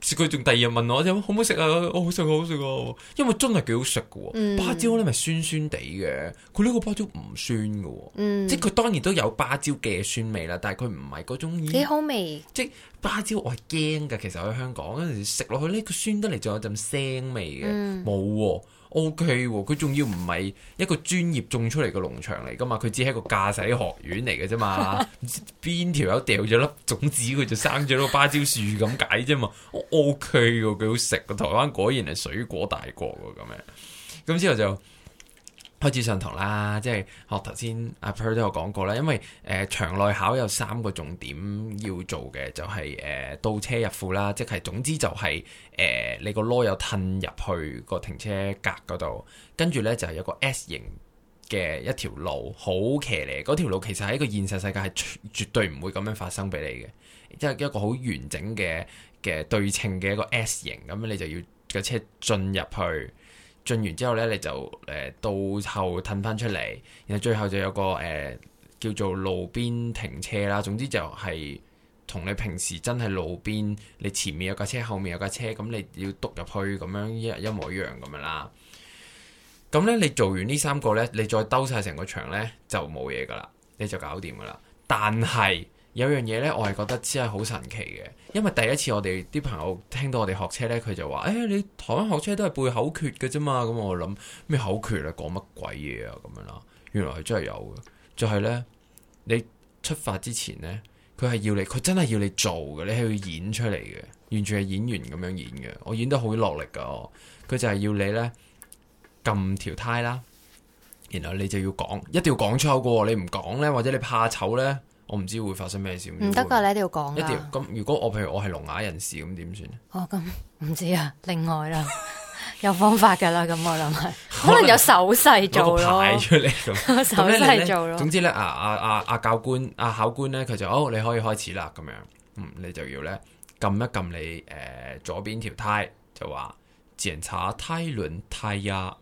佢仲第二日問我，有冇好唔好食啊？我好食，啊，好食個、啊啊，因為真係幾好食噶。芭蕉咧咪酸酸哋嘅，佢呢個芭蕉唔酸噶嗯、即係佢當然都有芭蕉嘅酸味啦，但係佢唔係嗰種幾好味。即係芭蕉我係驚噶，其實喺香港嗰陣時食落去咧，佢酸得嚟，仲有陣腥味嘅，冇、嗯。O K 佢仲要唔係一個專業種出嚟嘅農場嚟㗎嘛，佢只係一個駕駛學院嚟嘅啫嘛，邊條友掉咗粒種子佢就生咗個芭蕉樹咁解啫嘛，O K 佢好食，台灣果然係水果大國喎咁樣，咁之後就開始上堂啦，即係學頭先阿 Per 都有講過啦，因為誒、呃、場內考有三個重點要做嘅，就係誒倒車入庫啦，即係總之就係、是、誒、呃、你個囉柚褪入去個停車格嗰度，跟住呢就係、是、有個 S 型嘅一條路，好騎呢嗰條路其實喺一個現實世界係絕對唔會咁樣發生俾你嘅，即一一個好完整嘅嘅對稱嘅一個 S 型，咁你就要架車進入去。進完之後呢，你就誒、呃、到後褪翻出嚟，然後最後就有個誒、呃、叫做路邊停車啦。總之就係同你平時真係路邊，你前面有架車，後面有架車，咁你要督入去，咁樣一一模一樣咁樣啦。咁呢，你做完呢三個呢，你再兜晒成個場呢，就冇嘢噶啦，你就搞掂噶啦。但係。有樣嘢呢，我係覺得真係好神奇嘅，因為第一次我哋啲朋友聽到我哋學車呢，佢就話：誒、欸，你台灣學車都係背口訣嘅啫嘛。咁我諗咩口訣啊？講乜鬼嘢啊？咁樣啦，原來係真係有嘅，就係、是、呢，你出發之前呢，佢係要你，佢真係要你做嘅，你係要演出嚟嘅，完全係演員咁樣演嘅。我演得好落力噶，我，佢就係要你呢：「撳條胎啦！」然後你就要講，一定要講出口嘅喎，你唔講呢，或者你怕醜呢。我唔知會發生咩事。唔得噶，會你一定要講。一定咁，如果我譬如我係聾啞人士咁，點算？哦，咁、嗯、唔知啊，另外啦， 有方法噶啦，咁我諗係， 可能有手勢做咯。攞個牌出嚟咁。 手勢做咯。總之咧，阿阿阿阿教官、阿、啊、考官咧，佢就哦，你可以開始啦，咁樣，嗯，你就要咧，撳一撳你誒、呃、左邊條胎，就話檢查胎輪胎壓，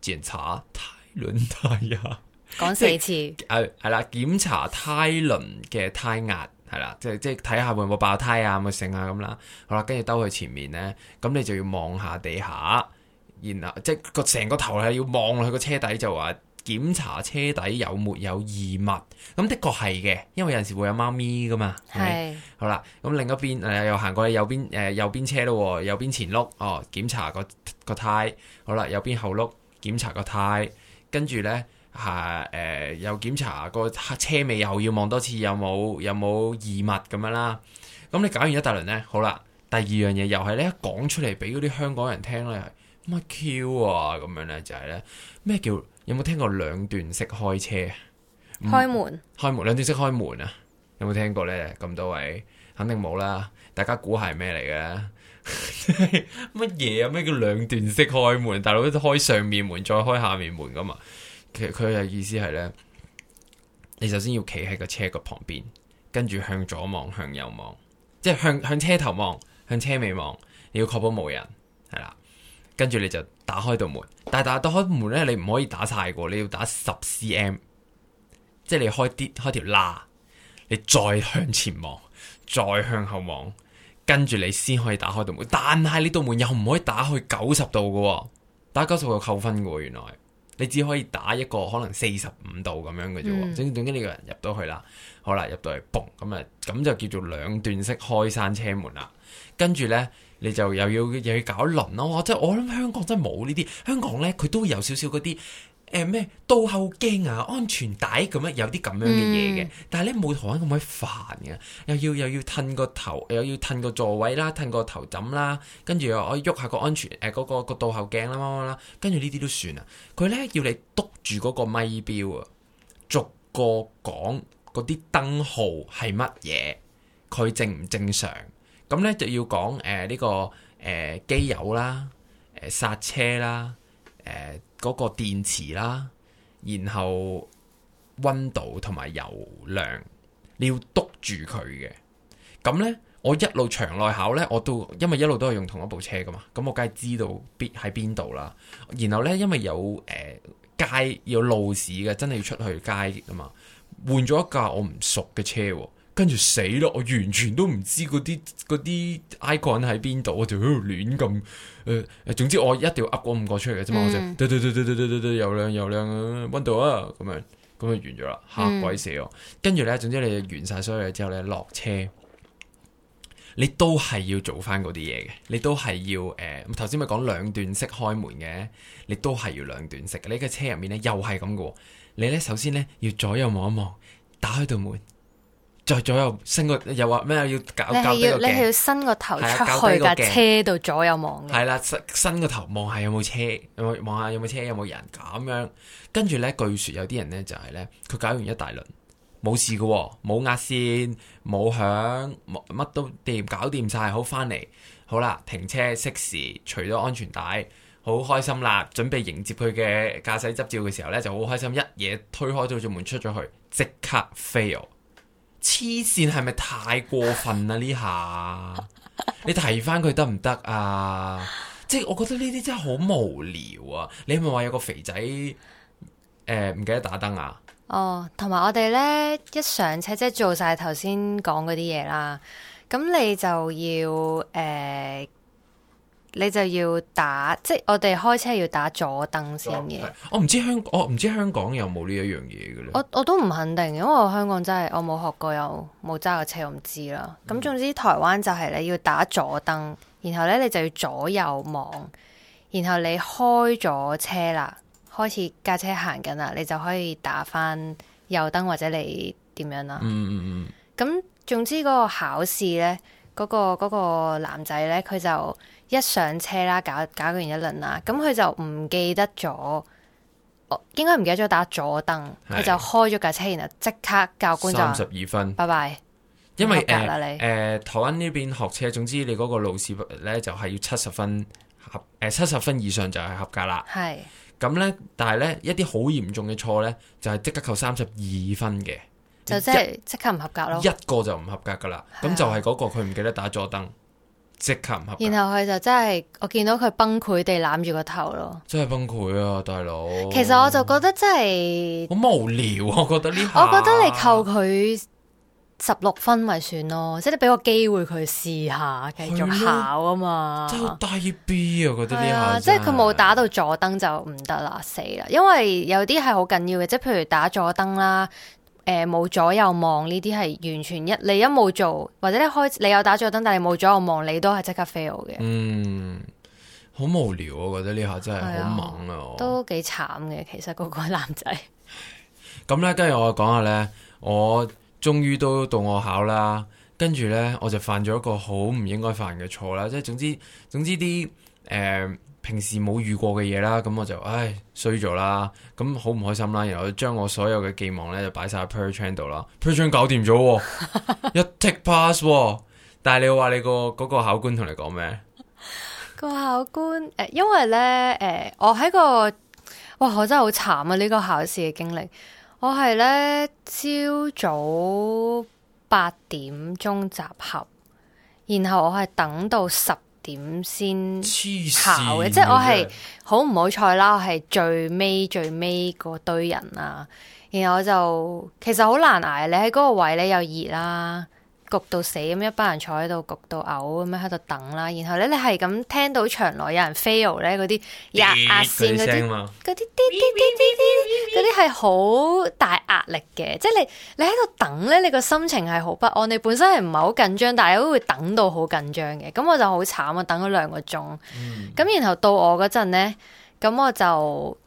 檢查胎輪胎壓。講四次，係係、啊、啦，檢查胎輪嘅胎壓係啦，即即係睇下會唔會爆胎啊，咁嘅剩啊咁啦，好啦，跟住兜去前面咧，咁你就要望下地下，然後即個成個頭係要望落去個車底就，就話檢查車底有沒有異物，咁的確係嘅，因為有陣時會有貓咪噶嘛，係咪是？好啦，咁、嗯、另一邊、啊、又行過右邊，誒、呃、右邊車咯，右邊前碌哦，檢查個個胎，好啦，右邊後碌檢查個胎，跟住咧。係誒、啊、呃，又檢查個車尾又要望多次有有，有冇有冇異物咁樣啦？咁你搞完一大輪呢，好啦，第二樣嘢又係呢，一講出嚟俾嗰啲香港人聽呢，乜 Q 啊咁樣呢、就係，就係呢，咩叫有冇聽過兩段式開車？開門、嗯，開門，兩段式開門啊？有冇聽過呢？咁多位肯定冇啦，大家估係咩嚟嘅？乜嘢啊？咩、 啊、叫兩段式開門？大佬開上面門，再開下面門噶嘛？其實佢嘅意思係呢，你首先要企喺個車個旁邊，跟住向左望，向右望，即係向向車頭望，向車尾望，你要確保冇人係啦。跟住你就打開道門，但係打開道門呢，你唔可以打晒㗎，你要打十 cm，即係你開啲開條罅，你再向前望，再向後望，跟住你先可以打開道門。但係呢道門又唔可以打去九十度㗎喎，打九十度扣分嘅，原來。你只可以打一個可能四十五度咁樣嘅啫喎，總之總之呢個人入到去啦，好啦，入到去，嘣咁啊，咁就叫做兩段式開山車門啦，跟住呢，你就又要又要搞一輪咯，即係我諗香港真係冇呢啲，香港呢，佢都有少少嗰啲。誒咩倒後鏡啊，安全帶咁樣，有啲咁樣嘅嘢嘅，嗯、但係咧冇台灣咁鬼煩嘅，又要又要褪個頭，又要褪個座位啦，褪個頭枕啦，跟住又可以喐下個安全誒嗰、呃那個個倒後鏡啦，咁樣啦，跟住呢啲都算啊。佢咧要你督住嗰個咪表啊，逐個講嗰啲燈號係乜嘢，佢正唔正常？咁咧就要講誒呢個誒機、呃、油啦，誒、呃、剎車啦，誒、呃。嗰個電池啦，然後溫度同埋油量，你要督住佢嘅。咁呢，我一路場內考呢，我都因為一路都係用同一部車噶嘛，咁我梗係知道邊喺邊度啦。然後呢，因為有誒、呃、街有路試嘅，真係要出去街噶嘛，換咗一架我唔熟嘅車、哦。跟住死咯！我完全都唔知嗰啲啲 icon 喺邊度，我就亂咁誒。總之我一定要 up 嗰五個出嚟嘅啫嘛，我就嘟嘟嘟嘟嘟嘟嘟，又亮又亮，温度啊，咁樣咁就完咗啦，吓鬼死我！跟住咧，總之你完晒所有嘢之後咧，落車，你都係要做翻嗰啲嘢嘅，你都係要誒，頭先咪講兩段式開門嘅，你都係要兩段式。你嘅車入面咧又係咁嘅，你咧首先咧要左右望一望，打開道門。就左右伸個，又話咩要搞搞呢個鏡，你係要，要伸個頭出去架、啊、車度左右望嘅。係啦、啊，伸伸個頭望下有冇車，望下有冇車，看看有冇人咁樣。跟住咧，據說有啲人咧就係、是、咧，佢搞完一大輪冇事嘅、哦，冇壓線，冇響，乜都掂，搞掂晒，好翻嚟，好啦，停車熄匙，除咗安全帶，好開心啦，準備迎接佢嘅駕駛執照嘅時候咧就好開心，一嘢推開咗隻門出咗去，即刻 fail。黐線係咪太過分啦？呢下 你提翻佢得唔得啊？即係我覺得呢啲真係好無聊啊！你係咪話有個肥仔呃、唔記得打燈啊？哦，同埋我哋呢一上車即係做晒頭先講嗰啲嘢啦，咁你就要誒。呃你就要打，即係我哋開車要打左燈先嘅。我唔、哦哦、知香，我、哦、唔知香港有冇呢一樣嘢嘅咧。我我都唔肯定，因為我香港真係我冇學過又冇揸過車，我唔知啦。咁總之台灣就係你要打左燈，然後咧你就要左右望，然後你開咗車啦，開始架車行緊啦，你就可以打翻右燈或者你點樣啦。嗯嗯嗯。咁總之嗰個考試咧。嗰個嗰個男仔呢，佢就一上車啦，搞搞完一輪啦，咁佢就唔記得咗，我應該唔記得咗打左燈，佢係就開咗架車，然後即刻教官就三十二分，拜拜，因為誒誒台灣呢邊學車，總之你嗰個路試呢，就係要七十分合，呃七十分以上就係合格啦，係。咁呢，但係呢，一啲好嚴重嘅錯呢，就係即刻扣三十二分嘅。就即係即刻唔合格咯，一個就唔合格噶啦。咁是、啊、就係嗰個佢唔記得打左燈，即刻唔合格。然後佢就真係我見到佢崩潰地攬住個頭咯，真係崩潰啊，大佬。其實我就覺得真係好無聊啊，我覺得呢下。我覺得你扣佢十六分咪算咯，即係你俾個機會佢試下繼續考啊嘛。真係好低 B 啊，我覺得呢下、啊，即係佢冇打到左燈就唔得啦，死啦。因為有啲係好緊要嘅，即係譬如打左燈啦。誒，冇、呃、左右望呢啲係完全一你一冇做，或者你開你有打咗燈，但係冇左右望，你都係即刻 fail 嘅。嗯，好無聊、啊，我覺得呢下真係好猛啦，我都幾慘嘅。其實嗰個男仔，咁咧跟住我講下咧，我終於都到我考啦。跟住咧我就犯咗一個好唔應該犯嘅錯啦。即係總之總之啲。誒，uh, 平時冇遇過嘅嘢啦，咁我就唉衰咗啦，咁好唔開心啦，然後將我所有嘅寄望咧就擺晒喺 Perch Channel 啦，Perch Channel 搞掂咗，一 take pass，喔，但係你話你個嗰個考官同你講咩？個考官誒，因為咧誒，呃，我喺個哇，我真係好慘啊！呢個考試嘅經歷，我係咧朝早八點鐘集合，然後我係等到十。點先考嘅？即係我係好唔好彩啦，我係最尾最尾嗰堆人啦。然後我就其實好難捱，你喺嗰個位咧又熱啦、啊。焗到死咁，一班人坐喺度焗到嘔咁樣喺度等啦。然後咧，你係咁聽到場內有人 fail 咧，嗰啲壓壓線嗰啲，嗰啲滴滴滴滴滴，嗰啲係好大壓力嘅。即係你你喺度等咧，你個心情係好不安。你本身係唔係好緊張，但係都會等到好緊張嘅。咁我就好慘啊，等咗兩個鐘。咁、嗯、然後到我嗰陣咧，咁我就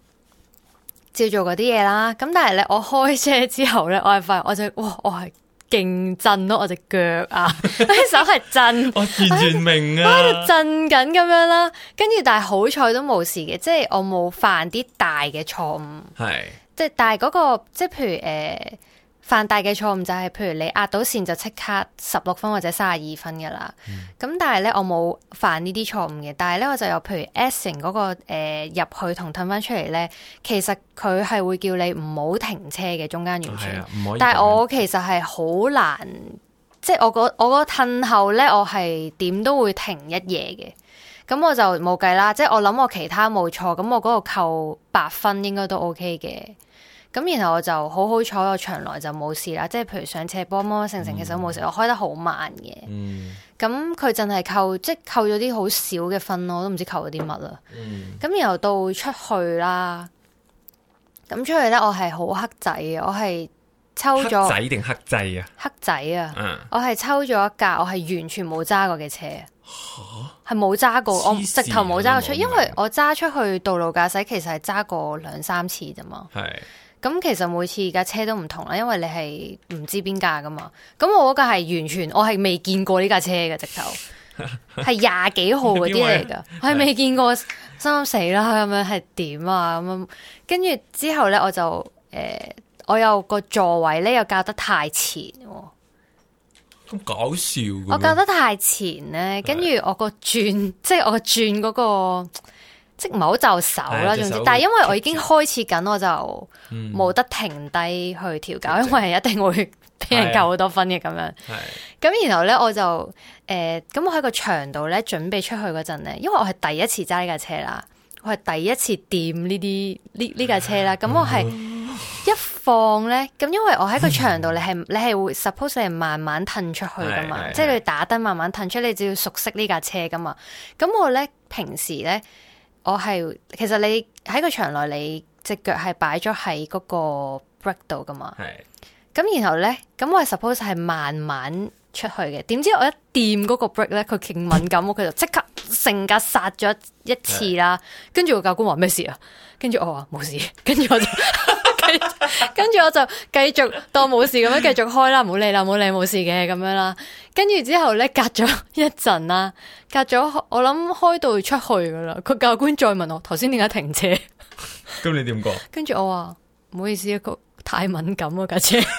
照做嗰啲嘢啦。咁但係咧，我開車之後咧，我係發覺我就哇，我係。勁震咯，我隻腳啊，啲 手係震， 我完全明啊，我震緊咁樣啦，跟住但係好彩都冇事嘅，即係我冇犯啲大嘅錯誤，係是，即係但係、那、嗰個即係譬如誒。呃犯大嘅錯誤就係，譬如你壓到線就即刻十六分或者三十二分嘅啦。咁、嗯、但係咧，我冇犯呢啲錯誤嘅。但係咧，我就有譬如 S 型嗰、嗰個入、呃、去同褪翻出嚟咧，其實佢係會叫你唔好停車嘅中間完全。係唔、哦、可以。但係我其實係好難，即係我個我個褪後咧，我係點都會停一夜嘅。咁我就冇計啦，即係我諗我其他冇錯，咁我嗰個扣八分應該都 OK 嘅。咁然後我就好好彩，我場內就冇事啦。即係譬如上斜坡，掹掹成成，其實都冇事。我開得好慢嘅。咁佢、嗯、淨係扣，即係扣咗啲好少嘅分咯，我都唔知扣咗啲乜啦。咁、嗯、然後到出去啦，咁出去呢，我係好黑仔，我係抽咗仔定黑仔啊？黑仔啊！我係抽咗一架，我係完全冇揸過嘅車。吓，係冇揸過，我直頭冇揸過出，因為我揸出去道路駕駛其實係揸過兩三次啫嘛。係是，咁其實每次而家車都唔同啦，因為你係唔知邊架噶嘛。咁我嗰架係完全，我係未見過呢架車嘅，直頭係廿幾號嗰啲嚟噶。 為我係未見過，心諗 死啦，咁樣係點啊咁樣。跟住之後咧，我就誒、呃，我有個座位咧又較得太前。好搞笑！我覺得太前咧，跟住我個轉，是的 即係我個轉嗰個，即係唔係好就手啦。的總之，但係因為我已經開始緊，我就冇得停低去調校，嗯、因為一定會俾人扣好多分嘅咁的樣。咁的然後咧，我就誒，咁、呃、我喺個場度咧，準備出去嗰陣咧，因為我係第一次揸呢架車啦，我係第一次掂呢啲呢呢架車啦，咁的、嗯、我係。一放咧，咁因為我喺個場度，你係 你係會 suppose 係慢慢褪出去噶嘛， 即係你打燈慢慢褪出去，你就要熟悉呢架車噶嘛。咁我咧，平時咧，我係其實你喺個場內，你隻腳係擺咗喺嗰個 brake 度噶嘛。係，咁然後咧，咁我 suppose 係慢慢。出去嘅，點知我一掂嗰個 break 咧，佢勁敏感，佢就即刻成架剎咗一次啦。跟住個教官話咩事啊？跟住我話冇事，跟住我就跟住 我就繼續當冇事咁樣繼續開啦，唔好理啦，唔好理冇事嘅咁樣啦。跟住之後咧，隔咗一陣啦，隔咗我諗開到出去噶啦。個教官再問我頭先點解停車？咁 你點講？跟住我話唔好意思，佢太敏感啊架車。姐姐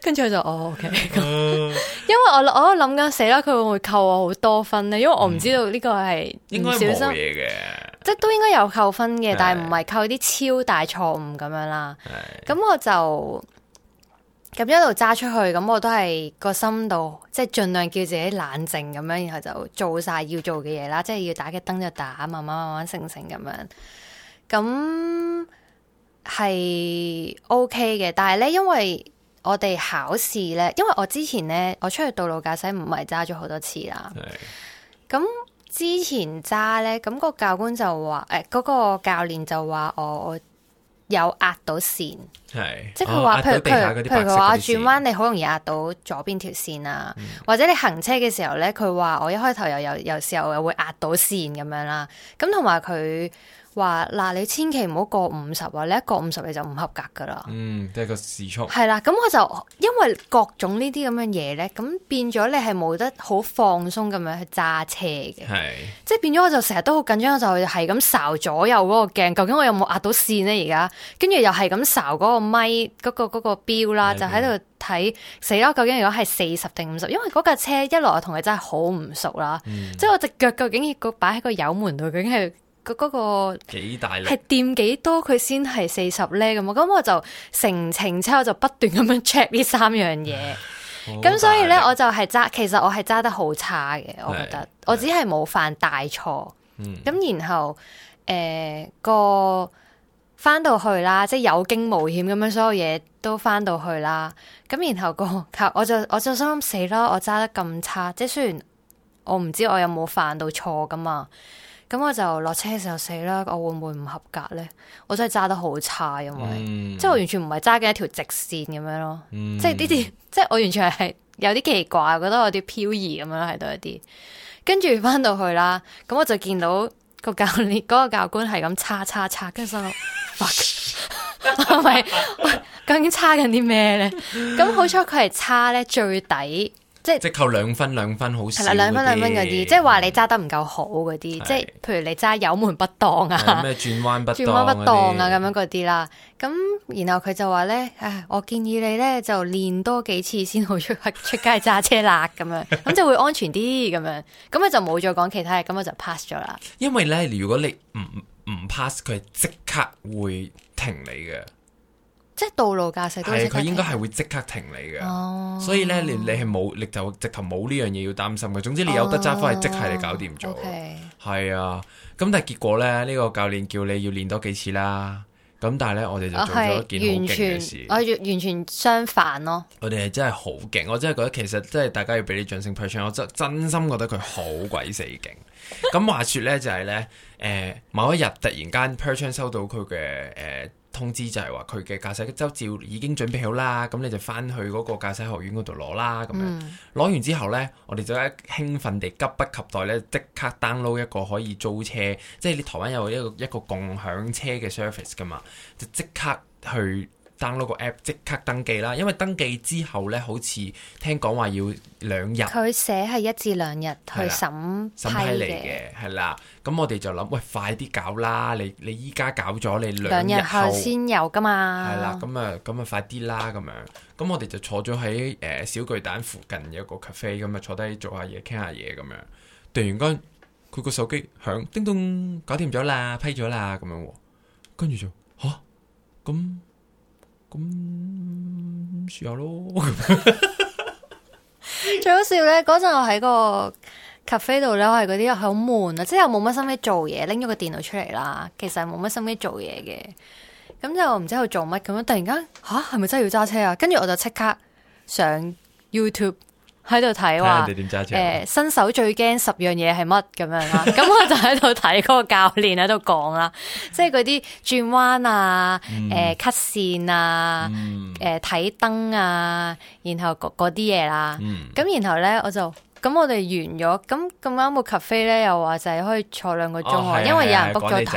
跟住、哦 okay, uh, 我就哦，OK 咁，因為我我諗緊死啦，佢會唔會扣我好多分咧？因為我唔知道呢個係唔小心嘢嘅，即係都應該有扣分嘅，的但係唔係扣啲超大錯誤咁樣啦。咁的我就咁一路揸出去，咁我都係個心度即係盡量叫自己冷靜咁樣，然後就做晒要做嘅嘢啦，即係要打嘅燈就打，慢慢慢慢成成咁樣。咁係 OK 嘅，但係咧因為。我哋考試咧，因為我之前咧，我出去道路駕駛唔係揸咗好多次啦。咁是、嗯、之前揸咧，咁、那個教官就話，誒、欸、嗰、那個教練就話我，我有壓到線，係是，即係佢話，哦、譬如佢譬如佢話轉彎你好容易壓到左邊條線啊，嗯、或者你行車嘅時候咧，佢話我一開頭又有有時候又會壓到線咁樣啦，咁同埋佢。話嗱，你千祈唔好過五十啊！你一過五十，你就唔合格噶啦。嗯，即係個時速。係啦，咁我就因為各種呢啲咁樣嘢咧，咁變咗你係冇得好放鬆咁樣去揸車嘅。係的，即係變咗我就成日都好緊張，我就係咁睄左右嗰個鏡，究竟我有冇壓到線咧？而家，跟住又係咁睄嗰個咪，嗰個嗰個表啦，的就喺度睇死啦！究竟如果係四十定五十？因為嗰架車一來同佢真係好唔熟啦，嗯、即係我隻腳究竟擺喺個油門度，究竟係？嗰嗰個幾大咧？係掂幾多佢先係四十咧？咁咁我就成程之後就不斷咁樣 check 呢三樣嘢。咁 力所以咧，我就係、是、揸，其實我係揸得好差嘅。我覺得是我只係冇犯大錯。嗯是。咁然後誒、呃那個翻到去啦，即係有驚無險咁樣，所有嘢都翻到去啦。咁然後、那個，我就我就我就心諗死啦，我揸得咁差。即係雖然我唔知我有冇犯到錯噶嘛。咁我就落車嘅時候，死啦！我會唔會唔合格咧？我真係揸得好差，因為、嗯、即係我完全唔係揸緊一條直線咁樣咯、嗯，即係啲即係我完全係有啲奇怪，我覺得我有啲漂移咁樣喺度一啲。跟住翻到去啦，咁我就見到個教呢嗰、嗰個教官係咁叉叉叉叉，跟住心諗，唔係 究竟叉緊啲咩咧？咁好彩佢係叉咧最底。即即扣兩分兩分好少，係啦兩分兩分嗰啲，即係話你揸得唔夠好嗰啲，嗯、即係譬如你揸油門不當啊，咩轉彎不轉彎不當啊咁樣嗰啲啦。咁然後佢就話咧，唉，我建議你咧就練多幾次先好出出街揸車啦咁 樣，咁就會安全啲咁樣。咁佢就冇再講其他嘢，咁我就 pass 咗啦。因為咧，如果你唔唔 pass，佢係即刻會停你嘅。即係道路駕駛，係佢應該係會即刻停你嘅，oh, 所以咧你你係冇，你就直頭冇呢樣嘢要擔心嘅。總之你有得揸翻係即係你搞掂咗，係、oh, okay. 啊。咁但係結果咧，呢、這個教練叫你要練多幾次啦。咁但係咧，我哋就做咗一件好勁嘅事，我、oh, 完,啊、完全相反咯、哦。我哋係真係好勁，我真係覺得其實真係大家要俾你掌聲 Perchan 我真真心覺得佢好鬼死勁。咁 話說咧就係、是、咧，誒、呃，某一日突然間 Perchan 收到佢嘅誒。呃通知就係話佢嘅駕駛執照已經準備好啦，咁你就翻去嗰個駕駛學院嗰度攞啦，咁樣攞、嗯、完之後呢，我哋就一興奮地急不及待呢，即刻 download 一個可以租車，即係你台灣有一個一個共享車嘅 service 噶嘛，就即刻去。download 個 app 即刻登記啦，因為登記之後咧，好似聽講話要兩日。佢寫係一至兩日去審審批嚟嘅，係啦。咁我哋就諗，喂，快啲搞啦！你你依家搞咗，你兩日，兩日後先有噶嘛？係啦，咁啊，咁啊，快啲啦！咁樣咁，我哋就坐咗喺誒小巨蛋附近有一個 cafe，咁啊坐低做下嘢，傾下嘢咁樣。突然間佢個手機響，叮咚，搞掂咗啦，批咗啦，咁樣跟住就吓？咁。咁試下咯， 最好笑嘅嗰陣我喺個咖啡度咧，我係嗰啲我係好悶啊，即係又冇乜心機做嘢，拎咗個電腦出嚟啦，其實冇乜心機做嘢嘅，咁就唔知喺度做乜，咁樣突然間吓係咪真係要揸車啊？跟住我就即刻上 YouTube。喺度睇話，誒，新、呃、手最驚十樣嘢係乜咁樣啦？咁我就喺度睇嗰個教練喺度講啦，即係嗰啲轉彎啊，誒、呃、，cut、嗯、線啊，誒、嗯，睇燈、呃、啊，然後嗰啲嘢啦。咁、啊嗯、然後咧，我就。咁我哋完咗，咁咁啱個 cafe 咧又話就係可以坐兩個鐘啊，哦、因為有人 book 咗台，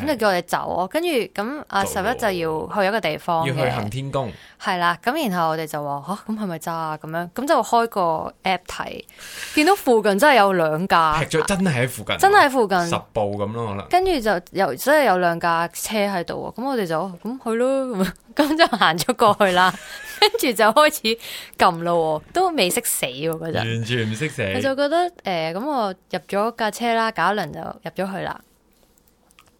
咁就叫我哋走。的跟住咁阿十一就要去一個地方，要去行天宮。係啦，咁然後我哋就話吓，咁係咪渣咁樣？咁就開個 app 睇，見到附近真係有兩架，劈咗 真係喺附近， 真係喺附近十步咁咯。跟住就又真係有兩架車喺度啊！咁我哋就咁去咯。 咁就行咗過去啦，跟住就開始撳咯，都未識死嗰陣， 完全唔識死。我就覺得誒，咁、嗯、我入咗架車啦，搞一輪就入咗去啦。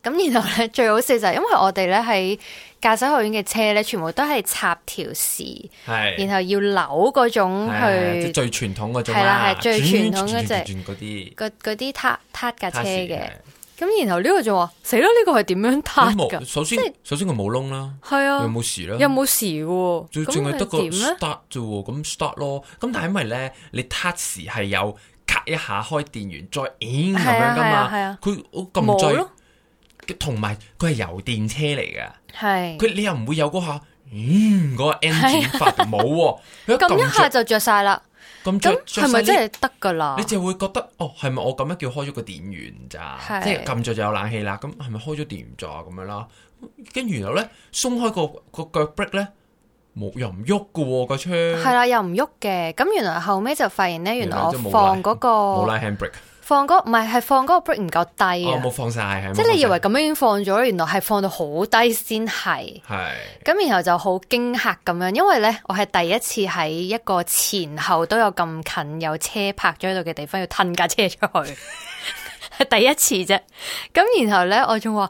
咁然後咧最好笑就係、是、因為我哋咧喺駕駛學院嘅車咧，全部都係插條匙，係是然後要扭嗰種去最傳統嗰種啦，係、啊、最傳統嗰隻嗰啲嗰啲塔塔架車嘅。士咁然後呢個就話死咯，呢個係點樣撻？首先首先佢冇窿啦，係啊，又冇匙啦，又冇匙。咁仲咧？係得個 start 啫，咁 start 咯。咁但係因為咧，你 t o u 撻時係有咔一下開電源，再咁樣噶嘛。佢我咁再同埋佢係油電車嚟嘅，係佢你又唔會有嗰下嗯嗰個 engine 發冇撳一下就着晒啦。咁即係咪真係得噶啦？你就會覺得哦，係咪我咁樣叫開咗個電源咋？是即係撳咗就有冷氣啦。咁係咪開咗電源咋？咁樣啦。跟住然後咧，鬆開個個腳 brake 咧，冇又唔喐噶個車。係啦，又唔喐嘅。咁、啊、原來後尾就發現咧，原來，來我放嗰、那個。放嗰個唔係，係放嗰個 break 唔夠低啊。哦，冇放晒，係即係你以為咁樣已經放咗，原來係放到好低先係。係是。咁然後就好驚吓咁樣，因為咧我係第一次喺一個前後都有咁近有車泊咗喺度嘅地方要褪架車出去。係 第一次啫。咁然後咧我仲話，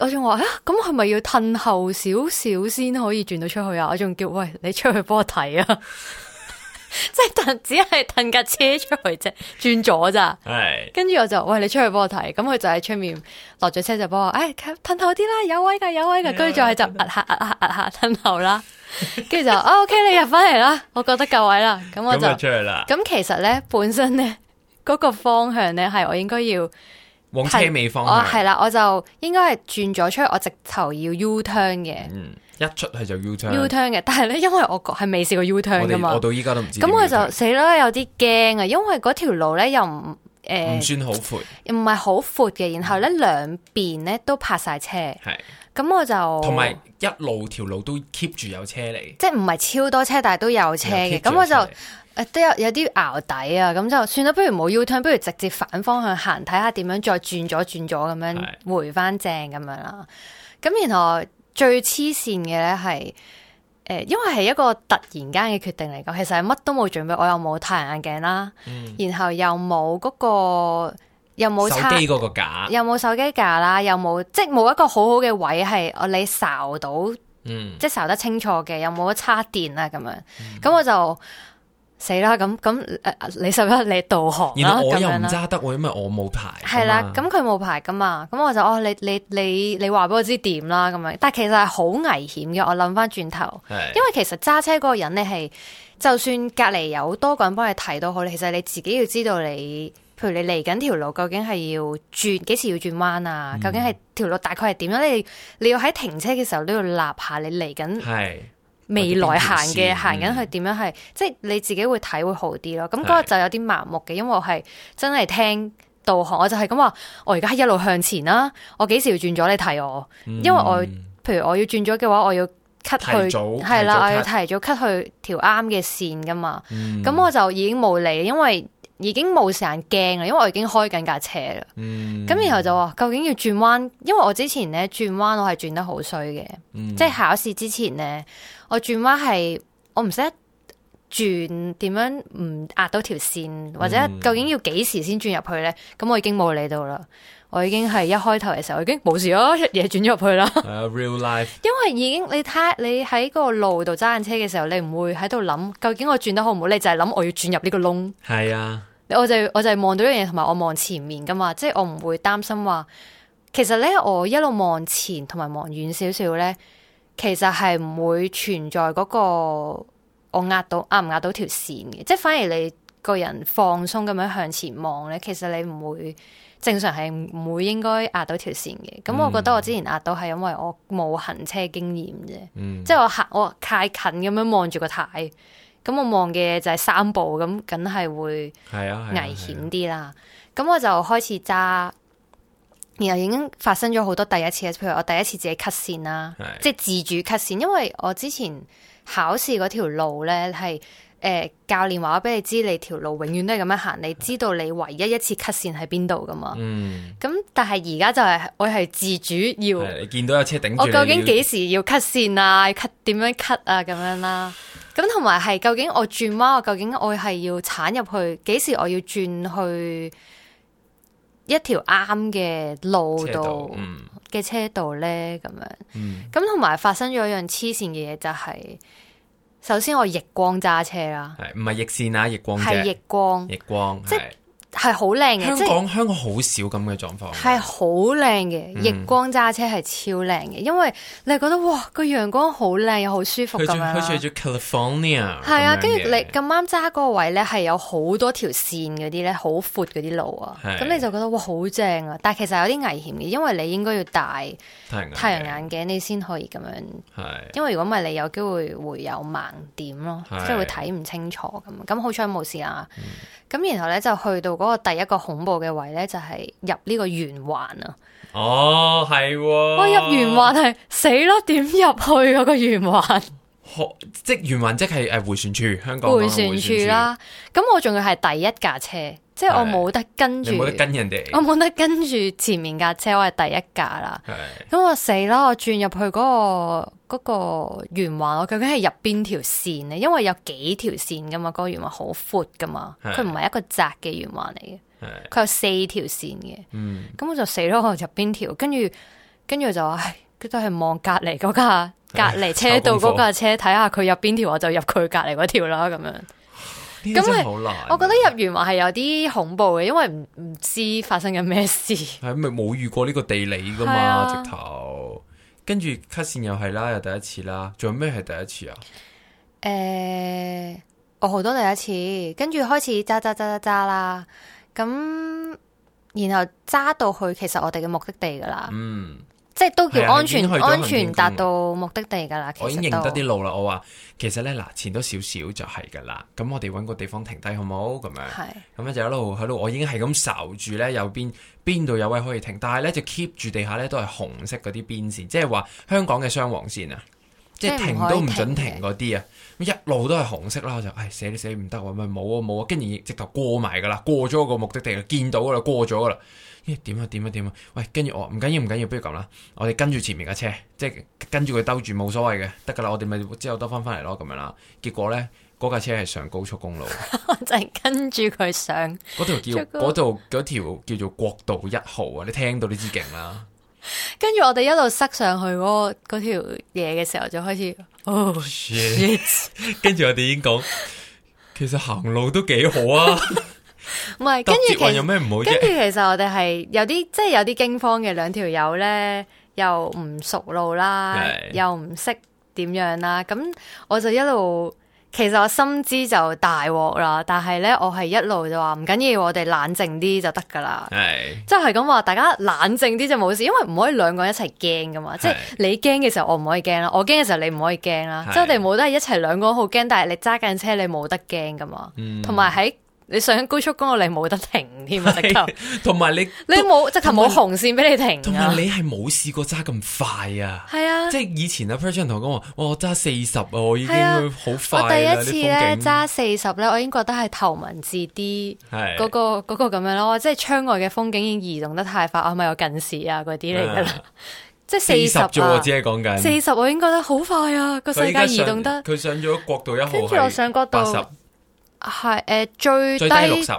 我仲話啊，咁係咪要褪後少少先可以轉到出去啊？我仲叫喂，你出去幫我睇啊！即係騰， 只係騰架車出去啫，轉咗咋？係。跟住我就喂，你出去幫我睇，咁佢就喺出面落咗車就幫我，誒、哎，褪後啲啦，有位噶，有位噶，居住 就就壓下壓下壓下褪後啦，跟住就 OK，你入翻嚟啦，我覺得夠位啦，咁我就， 就出去啦。咁其實咧，本身咧，嗰、那個方向咧係我應該要往車尾方向，係啦，我就應該係轉咗出去，我直頭要 U turn 嘅。嗯。一出去就要 U turn，U turn 嘅 turn，但係咧，因為我係未試過 U turn 噶嘛我。我到依家都唔知。咁我就死啦，有啲驚啊！因為嗰條路咧又唔誒，唔、呃、算好闊，唔係好闊嘅。然後咧兩邊咧都泊晒車，係、嗯。咁我就同埋一路條路都 keep 住有車嚟，即係唔係超多車，但係都有車嘅。咁、嗯、我就誒、呃、都有有啲淆底啊！咁就算啦，不如冇 U turn，不如直接反方向行，睇下點樣再轉咗轉咗咁樣回翻正咁樣啦。咁的的然後。最黐綫嘅咧，係，誒，因為係一個突然間嘅決定嚟講，其實係乜都冇準備，我又冇太陽眼鏡啦，嗯、然後又冇嗰、那個，又冇手機嗰個架，又冇手機架啦，又冇，即係冇一個好好嘅位係，我你睄到，嗯、即係睄得清楚嘅，又冇得叉電啊咁樣，咁、嗯、我就。死啦！咁咁、呃，你拾壹你導航，咁我又唔揸得喎，因為我冇牌。係啦，咁佢冇牌噶嘛，咁我就哦，你你你你話俾我知點啦，咁樣。但係其實係好危險嘅，我諗翻轉頭，是因為其實揸車嗰個人你係，就算隔籬有多個人幫你提都好，其實你自己要知道你，譬如你嚟緊條路、啊嗯、究竟係要轉幾時要轉彎啊？究竟係條路大概係點樣？你你要喺停車嘅時候都要立下你嚟緊。係是。未來行嘅行緊去點樣係，嗯、即係你自己會睇會好啲咯。咁嗰日就有啲盲目嘅，因為我係真係聽導航，我就係咁話，我而家一路向前啦、啊。我幾時要轉咗你睇我？因為我譬如我要轉咗嘅話，我要 cut 去係早啦，提早 cut, 我要提早 cut 去條啱嘅線噶嘛。咁、嗯、我就已經冇理，因為。已經冇時間驚啦，因為我已經開緊架車啦。咁、嗯、然後就話，究竟要轉彎？因為我之前咧轉彎，我係轉得好衰嘅，嗯、即係考試之前咧，我轉彎係我唔識轉點樣，唔壓到條綫，或者究竟要幾時先轉入去咧？咁、嗯嗯、我已經冇理到啦。我已經係一開頭嘅時候，已經冇事咯，一嘢轉咗入去啦。 uh, real life。因為已經你睇你喺個路度揸緊車嘅時候，你唔會喺度諗究竟我轉得好唔好，你就係諗我要轉入呢個窿。係啊，我就我就係望到一樣嘢，同埋我望前面噶嘛，即係我唔會擔心話，其實咧我一路望前同埋望遠少少咧，其實係唔會存在嗰、嗰個我壓到壓唔壓到條線嘅，即係反而你個人放鬆咁樣向前望咧，其實你唔會。正常係唔會應該壓到條線嘅，咁我覺得我之前壓到係因為我冇行車經驗啫，嗯、即係我行我太近咁樣望住個軚，咁我望嘅就係三步，咁梗係會危險啲啦。咁我就開始揸，啊啊、然後已經發生咗好多第一次，譬如，我第一次自己 cut 線啦，是即係自主 cut 線，因為我之前考試嗰條路呢係。誒，教練話俾你知，你條路永遠都係咁樣行，你知道你唯一一次 cut 線喺邊度噶嘛？嗯，咁但係而家就係、是、我係自主要，嗯、你見到有車頂住，我究竟幾時要 cut 線啊？要 cut 點樣 cut 啊？咁樣啦，咁同埋係究竟我轉彎，我究竟我係要鏟入去？幾時我要轉去一條啱嘅路度嘅車、嗯、車道呢？咁樣，嗯，咁同埋發生咗一樣黐線嘅嘢就係、是。首先我逆光揸車啦，係唔係逆線啊？逆光係逆光，逆光即，係好靚嘅，香港香港好少咁嘅狀況。係好靚嘅，逆光揸車係超靚嘅，因為你係覺得哇個陽光好靚又好舒服咁樣佢住住 California，係啊，跟住你咁啱揸嗰個位咧，係有好多條線嗰啲咧，好闊嗰啲路啊，咁你就覺得哇好正啊！但係其實有啲危險嘅，因為你應該要戴太陽眼鏡，你先可以咁樣。係，因為如果唔係，你有機會會有盲點咯，即係會睇唔清楚咁。咁好彩冇事啊。咁然後咧就去到嗰個第一個恐怖嘅位咧，就係、是、入呢個圓環啊！哦，係，我入圓環係死咯，點入去嗰個圓環？哦即圓環即係誒、哎、回旋處，香港，香港回旋處、回旋處啦。咁我仲要係第一架車，是即係我冇得跟住，你冇得跟人哋，我冇得跟住前面架車，我係第一架啦。咁我死啦。我轉入去嗰個嗰個圓環，我究竟係入邊條線呢？因為有幾條線噶嘛，嗰個圓環好闊噶嘛，佢唔係一個窄嘅圓環嚟嘅，佢是有四條線嘅。咁是、嗯、我就死咯，我入邊條，跟住跟住就話，佢都係望隔籬嗰架。隔籬車道嗰架車，睇下佢入邊條，我就入佢隔籬嗰條啦。咁樣咁好難，我覺得入圓環係有啲恐怖嘅，因為唔唔知發生緊咩事。係咪冇遇過呢個地理噶嘛？直頭跟住 cut 線又係啦，又第一次啦。仲有咩係第一次啊？誒，我好多第一次，跟住開始揸揸揸揸揸啦。咁然後揸到去，其實我哋嘅目的地噶啦。嗯。即係都叫安全， 安全達到目的地噶啦。我已經認得啲路啦。我話其實咧嗱，前多少少就係噶啦。咁我哋揾個地方停低，好唔好？咁是樣，咁咧就一路，一路，我已經係咁睄住咧，右邊邊度有位可以停。但係咧就 keep 住地下咧都係紅色嗰啲邊線，即係話香港嘅雙黃線啊，就是、線即係停，停都唔准停嗰啲啊。一路都係紅色啦，就唉，死都死唔得，咪冇啊冇啊，跟住直頭過埋噶啦，過咗個目的地，見到噶啦，過咗噶啦。點、哎、啊點啊點啊！喂，跟住我唔緊要，唔緊要，不如咁啦，我哋跟住前面架車，即係跟住佢兜住冇所謂嘅，得噶啦，我哋咪之後兜翻翻嚟咯，咁樣啦。結果咧，嗰架車係上高速公路， 就係跟住佢上嗰條 叫度條叫做國道一號啊！你聽到呢支勁啦。 跟住我哋一路塞上去嗰嗰條嘢嘅時候，就開始跟住我哋已經講，其實行路都幾好啊。 唔係， 跟住其實我哋係有啲，即係有啲驚慌嘅兩條友呢，又唔熟路啦，是的 又唔識點樣啦。咁我就一路，其實我心知就大鑊啦。但係呢，我係一路就話唔緊要，我哋冷靜啲就得噶啦。係，即係咁話，大家冷靜啲就冇事，因為唔可以兩個人一齊驚噶嘛。即係是的 你驚嘅時候我，我唔可以驚啦；是的 我驚嘅時候，你唔可以驚啦。即係我哋冇得係一齊，兩個好驚，但係你揸緊車，你冇得驚噶嘛。同埋喺。你上高速公路你冇得停添啊！同埋你，你冇直頭冇紅線俾你停，同埋你係冇試過揸咁快啊！係啊，即係以前阿 Prison 同我講話，我揸四十啊，我已經好快。我第一次咧揸四十咧，我已經覺得係頭文字 D，嗰個個咁樣咯，即係窗外嘅風景已經移動得太快啊！我咪有近視啊，嗰啲嚟噶啦，即係四十咋？我只係講緊四十，我已經覺得好快啊！個世界移動得，佢上咗國道一號係上國度。係誒、呃，最低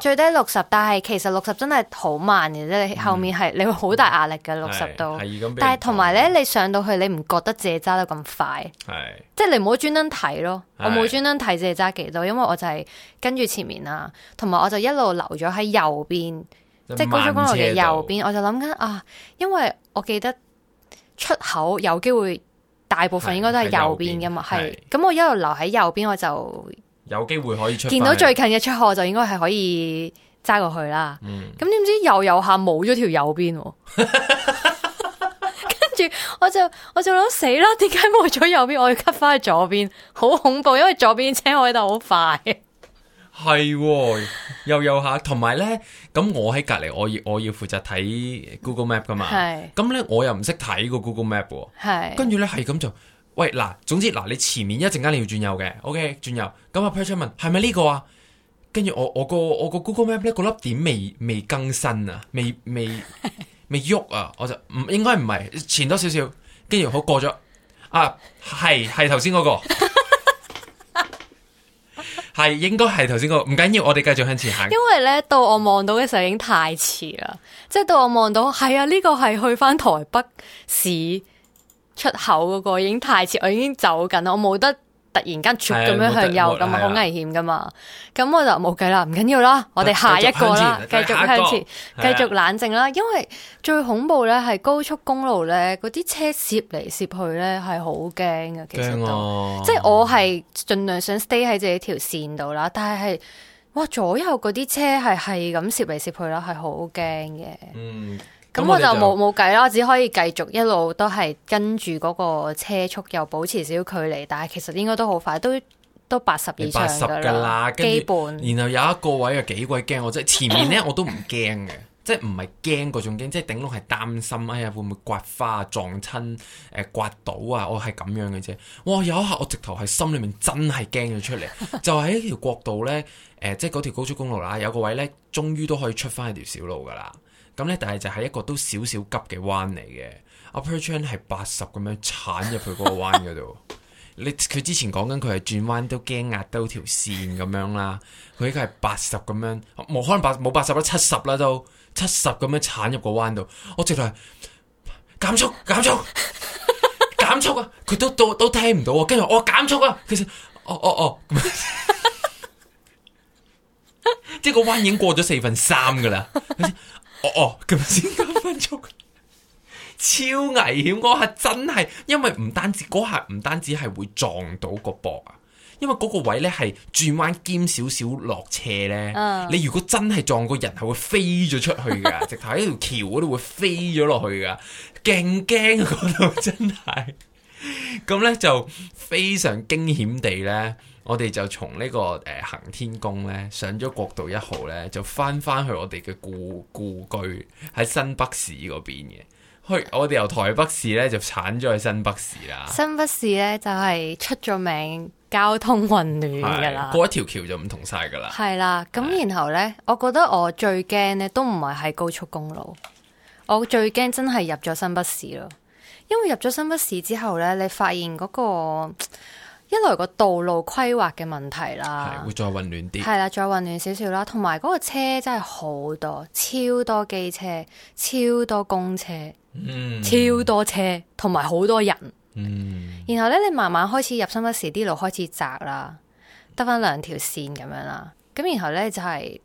最低六十，但係其實六十真係好慢嘅，即你、嗯、後面係你會好大壓力嘅六十度。是但係同埋咧，嗯、你上到去你唔覺得自己揸得咁快？是即係你唔好專登睇咯，是我冇專登睇自己揸幾多，因為我就係跟住前面啦，同埋我就一路留咗喺右邊，即係高速公路嘅右邊，我就諗緊啊，因為我記得出口有機會大部分應該都係右邊嘅嘛，係，咁我一路留喺右邊，我就。有機會可以出，見到最近嘅出口就應該係可以揸過去啦。咁點、嗯、知右右下冇咗條右邊、哦， 跟住我就我就諗死啦，點解冇咗右邊？我要 cut 翻去左邊，好恐怖。因為左邊車開得好快，係、 哦、右右下。同埋咧，咁我喺隔籬，我要我要負責睇 Google Map 噶嘛。咁咧是我又唔識睇個 Google Map，係跟住咧係咁就。喂嗱，總之嗱，你前面一陣間你要轉右嘅，OK，轉右。咁阿 Patrick 問係咪呢個啊？跟住我我個我個 Google Map 咧個粒點未未更新啊，未未未喐啊，我就唔應該唔係前多少少，跟住好過咗啊，係係頭先嗰個，係 應該係頭先嗰個，唔緊要，我哋繼續向前行。因為咧到我望到嘅時候已經太遲啦，即係到我望到係啊呢、這個係去翻台北市。出口嗰個已經太遲，我已經走緊啦，我冇得突然間咁樣向右，咁啊好危險噶嘛。咁我就冇計啦，唔緊要啦，我哋下一個啦，繼續向前，繼續冷靜啦。因為最恐怖咧係高速公路咧，嗰啲車攝嚟攝去咧係好驚呀，其實都即係我係盡量想 stay 喺自己條線度啦，但係哇左右嗰啲車係係咁攝嚟攝去啦，係好驚嘅。嗯。咁我,我就冇冇計啦，我只可以繼續一路都係跟住嗰個車速，又保持少少距離。但係其實應該都好快，都都八十以上噶啦，基本。然後有一個位啊，幾鬼驚我真。前面咧我都唔驚嘅，即係唔係驚嗰種驚，即係頂籠係擔心啊，會唔會刮花啊、撞親誒、呃、刮到啊？我係咁樣嘅啫。哇！有一下我直頭係心裏面真係驚咗出嚟， 就喺一條國道咧，誒、呃，即係嗰條高速公路啦。有個位咧，終於都可以出翻一條小路噶啦。咁咧，但係就係一個都少少急嘅彎嚟嘅，approach 咧係八十咁樣鏟入去嗰個彎嗰度。你佢之前講緊佢係轉彎都驚壓到條線咁樣啦，佢依家係八十咁樣，冇可能八冇八十啦，七十啦都七十咁樣鏟入個彎度，我直頭係減速減速減速啊！佢都都都聽唔到，跟住我減速啊！佢就，哦哦哦，即係個彎已經過咗四分三噶啦。哦哦，咁先九分鐘，超危險！嗰下真係，因為唔單止嗰下，唔單止係會撞到個波啊，因為嗰個位咧係轉彎兼少少落斜咧，uh. 你如果真係撞個人，係會飛咗出去噶，直頭喺條橋嗰度會飛咗落去噶，勁驚嗰度真係，咁 咧就非常驚險地咧。我哋就從呢、這個誒、呃、行天宮咧上咗國道一號咧，就返返去我哋嘅故故居喺新北市嗰邊嘅。去我哋由台北市咧就鏟咗去新北市啦。新北市咧就係、是、出咗名交通混亂噶啦，過一條橋就唔同晒噶啦。係啦，咁然後咧，的我覺得我最驚咧都唔係喺高速公路，我最驚真係入咗新北市咯。因為入咗新北市之後咧，你發現嗰、那個。一來個道路規劃嘅問題啦，會再混亂啲，係啦，再混亂少少啦，同埋嗰個車真係好多，超多機車，超多公車，嗯，超多車，同埋好多人，嗯，然後呢，你慢慢開始入深一時，啲路開始窄啦，得返兩條線咁樣啦，咁然後呢，就係、是。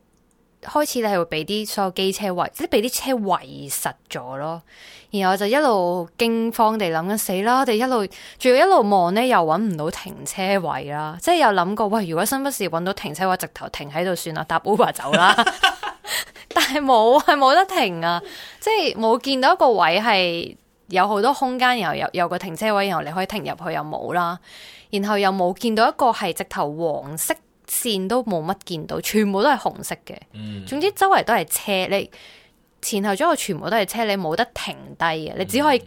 開始你係會俾啲所有機車位，即係俾啲車圍實咗咯。然後我就一路驚慌地諗緊 死啦，我哋一路仲要一路望呢，又搵唔到停車位啦。即係又諗過，喂，如果身不時搵到停車位，直頭停喺度算啦，搭 Uber 走啦。 但係冇，係冇得停啊！即係冇見到一個位係有好多空間，然後有有,有個停車位，然後你可以停入去又冇啦。然後又冇見到一個係直頭黃色。線都冇乜見到，全部都係紅色嘅。嗯、總之周圍都係車，你前後左右全部都係車，你冇得停低嘅，你只可以繼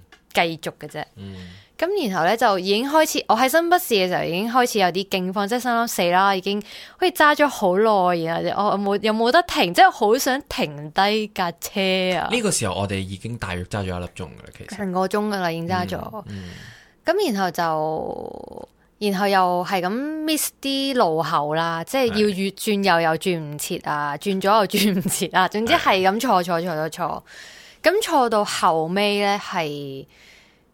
續嘅啫。咁、嗯、然後呢，就已經開始，我喺新北市嘅時候已經開始有啲驚慌，即係心諗，死啦，已經好似揸咗好耐，然後我冇又冇得停，即係好想停低架車啊！呢個時候我哋已經大約揸咗一粒鐘嘅，其實成個鐘噶啦已經揸咗。咁、嗯嗯、然後就。然後又係咁 miss 啲路口啦，即係要越轉右又轉唔切啊，轉左的又轉唔切啊，總之係咁錯錯錯到錯，咁錯到後尾呢係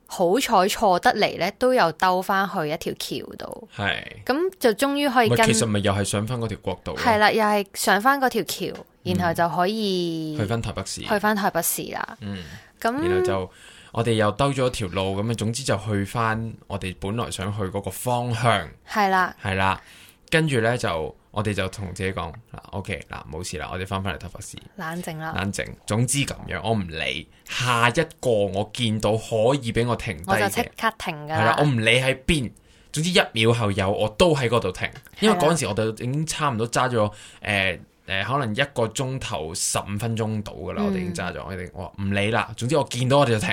好彩錯得嚟呢都有兜翻去一條橋度。係咁的就終於可以跟。其實咪又係上翻嗰條國道。係啦，又係上翻嗰條橋，然後就可以、嗯、去翻台北市，去翻台北市啦。嗯，咁那然後就。我哋又兜咗條路，咁啊，總之就去翻我哋本來想去嗰個方向，係啦的，係啦，跟住呢，就我哋就同自己講嗱、啊、OK 嗱、啊，冇事啦，我哋翻翻嚟頭佛師，試試冷靜啦，冷靜。總之咁樣，我唔理下一個我見到可以俾我停低，即刻停噶，係啦，我唔理喺邊，總之一秒後有我都喺嗰度停，因為嗰陣時我哋已經差唔多揸咗誒誒，可能一個鐘頭十五分鐘到噶啦，我哋已經揸咗，嗯、我哋我唔理啦，總之我見到我哋就停。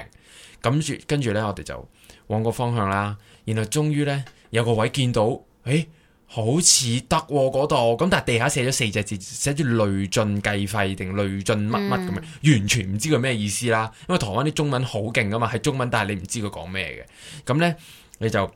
咁住，跟住咧，我哋就往個方向啦。然後終於咧，有個位見到，誒、欸，好似得嗰度。咁但係地下寫咗四隻字，寫住累進計費定累進乜乜咁樣，嗯、完全唔知佢咩意思啦。因為台灣啲中文好勁㗎嘛，係中文，但係你唔知佢講咩嘅。咁、嗯、咧、嗯，你就。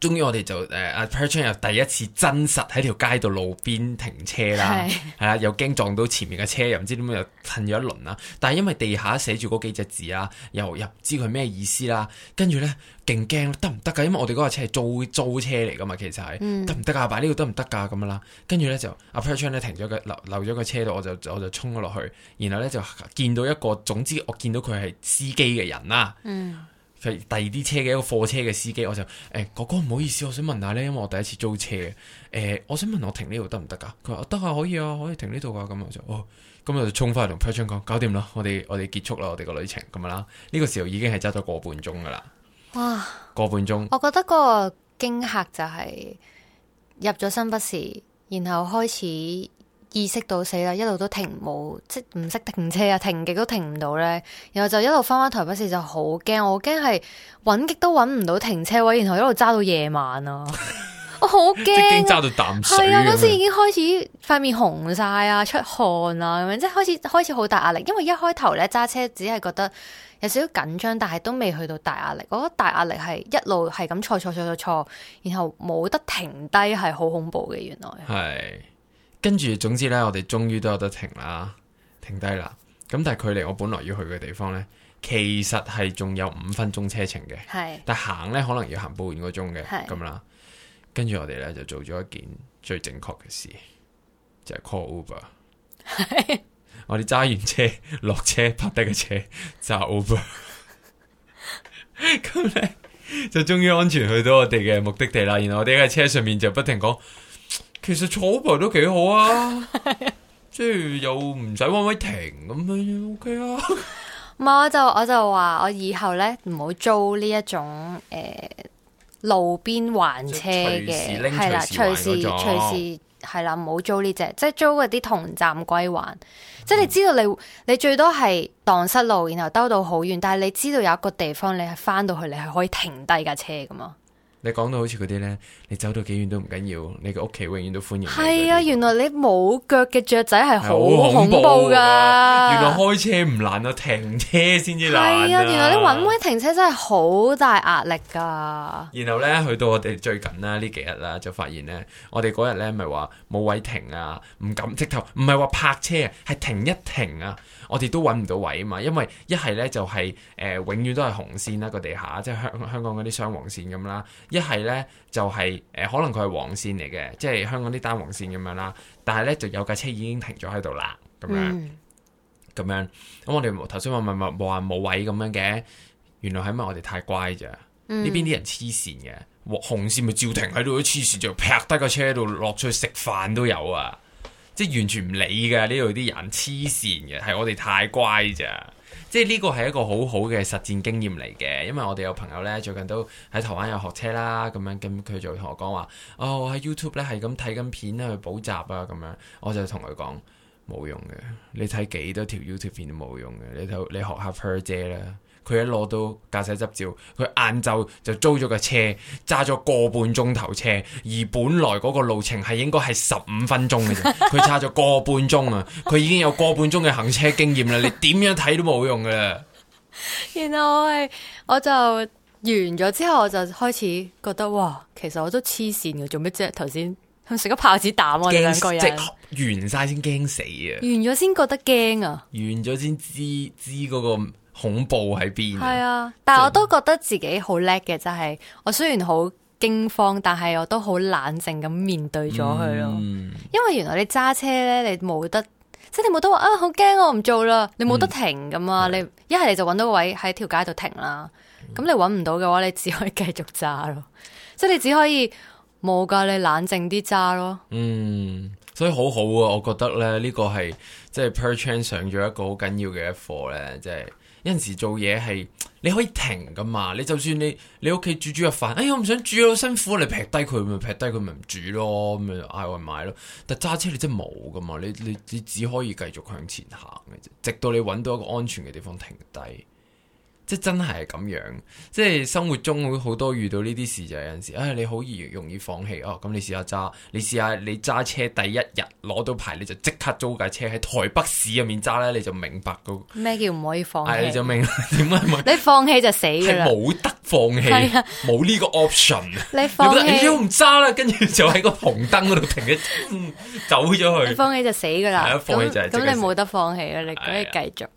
終於我哋就誒阿 Patrick 又第一次真實喺條街度路邊停車啦，係啊是又驚撞到前面嘅車，又唔知點樣又巡咗一輪啦。但係因為地下寫住嗰幾隻字啦，又又唔知佢咩意思啦。跟住咧勁驚，得唔得㗎？因為我哋嗰架車係租租車嚟㗎嘛，其實係得唔得㗎？擺、嗯、呢個得唔得㗎？咁樣啦。跟住咧就阿 Patrick 咧停咗個留留咗個車度，我就我就，我就衝咗落去，然後咧就見到一個總之我見到佢係司機嘅人啦。嗯。嗯第二啲車嘅一個貨車嘅司機，我就誒、欸、哥哥唔好意思，我想問下咧，因為我第一次租車，誒、欸、我想問我停呢度得唔得噶？佢話得啊，可以啊，可以停呢度噶。咁我就哦，咁我就衝翻去同 Per 醬講，搞掂啦，我哋我哋結束啦，我哋個旅程咁啦，呢、這個時候已經係揸咗個半鐘噶啦，哇，個半鐘，我覺得個驚嚇就係入咗新北市，然後開始。意識到死啦，一路都停唔到，即係唔識停車啊，停極都停唔到咧。然後就一路翻翻台北市，就好驚，我驚係搵極都搵唔到停車位，然後一路揸到夜晚 啊，我好驚，揸到淡水。係啊，嗰時已經開始塊面紅晒啊，出汗啦，咁樣即係開始開始好大壓力。因為一開頭咧揸車只係覺得有少少緊張，但係都未去到大壓力。我覺得大壓力係一路係咁錯錯錯錯錯，然後冇得停低，係好恐怖嘅。原來係。跟住，總之呢，我哋終於都有得停啦，停低啦。咁但係距離我本來要去嘅地方呢，其實係仲有五分鐘車程嘅。係是。但行呢，可能要行半個鐘嘅咁啦。跟住我哋呢，就做咗一件最正確嘅事，就係、是、call Uber 我哋揸完車，落車泊低個車，就 Uber 咁呢，就終於安全去到我哋嘅目的地啦。然後我哋喺車上面就不停講。其實坐泊都幾好啊， 即係又唔使搵位停咁樣，OK 啊。唔係，嗯，我就我就話我以後咧唔好租呢一種誒、呃、路邊還車嘅係啦，隨時隨時係啦，唔好租呢隻，即係租嗰啲同站歸還。嗯、即係你知道你你最多係蕩失路，然後兜到好遠，但係你知道有一個地方你係翻到去，你係可以停低架車噶嘛。你講到好似嗰啲呢，你走到幾遠都唔緊要，你個屋企永遠都歡迎。係啊，原來你冇腳嘅雀仔係好恐怖噶。原來開車唔難啊，停車先至難啊。係啊，原來你揾位停車真係好大壓力噶。然後呢，去到我哋最近啦，呢幾日啦，就發現呢，我哋嗰日呢咪話冇位停啊，唔敢直頭，唔係話泊車，係停一停啊。我哋都揾唔到位啊嘛，因為一係咧就係、是、誒、呃、永遠都係紅線啦、啊、個地下，即係香香港嗰啲雙黃線咁啦；一係咧就係、是、誒、呃、可能佢係黃線嚟嘅，即係香港啲單黃線咁樣啦、啊。但係咧就有架車已經停咗喺度啦，咁樣咁樣。咁、嗯、我哋頭先問問問話冇位咁樣嘅，原來係因為我哋太乖咋。呢邊啲人黐線嘅，紅線咪照停喺度，黐線就劈低個車喺度落出去食飯都有啊！即完全唔理嘅，呢度啲人黐線嘅，係我哋太乖咋。即係呢個係一個好好嘅實戰經驗嚟嘅，因為我哋有朋友呢，最近都喺台灣又學車啦，咁樣咁佢就同我講話，哦，我喺 YouTube 呢，係咁睇緊片去補習啊，咁樣我就同佢講冇用嘅，你睇幾多條 YouTube 片都冇用嘅，你睇你學下 Per 姐啦。佢一攞到駕駛執照，佢晏晝就租咗個車揸咗個半鐘頭車，而本來嗰個路程係應該係十五分鐘嘅啫，佢揸咗個半鐘啊！佢已經有個半鐘嘅行車經驗啦， 你點樣睇都冇用噶啦。然後我係我就完咗之後，我就開始覺得哇，其實我都黐線嘅，做咩啫？頭先食個豹子膽啊，兩怕個人即完晒先驚死啊，完咗先覺得驚啊，完咗先知知嗰、那個。恐怖喺邊？係啊，但係我都覺得自己好叻嘅，即、就、係、是、我雖然好驚慌，但係我都好冷靜咁面對咗佢咯。嗯、因為原來你揸車呢，你冇得，即係你冇得話啊，好驚我唔做啦。你冇得停咁啊，嗯、你一係的你就揾到個位喺條街度停啦。咁、嗯、你揾唔到嘅話，你只可以繼續揸咯。即係你只可以冇噶，你冷靜啲揸咯。嗯，所以好好啊，我覺得咧呢、這個係即係 Perchan 上咗一個好緊要嘅一課呢，即係。有陣時做嘢係你可以停噶嘛，你就算你你屋企煮煮個飯，哎呀我唔想煮啊，好辛苦，你劈低佢咪劈低佢咪唔煮咯，咁樣嗌外賣咯。但揸車你真係冇噶嘛，你你你只可以繼續向前行嘅啫，直到你搵到一個安全嘅地方停低。即真係係咁樣，即係生活中會好多遇到呢啲事就有陣時，哎你好易容易放棄哦，咁你試下揸，你試下你揸車第一日攞到牌你就即刻租架車喺台北市入面揸咧，你就明白，嗰個咩叫唔可以放棄。哎，你就明點解你放棄就死啦，冇得放棄，冇呢、啊、個 option，你放棄唔揸啦，跟住就喺個紅燈嗰度停一、嗯、走咗去，你放棄就死噶啦，咁咁你冇得放棄啦，啊、你可以繼續。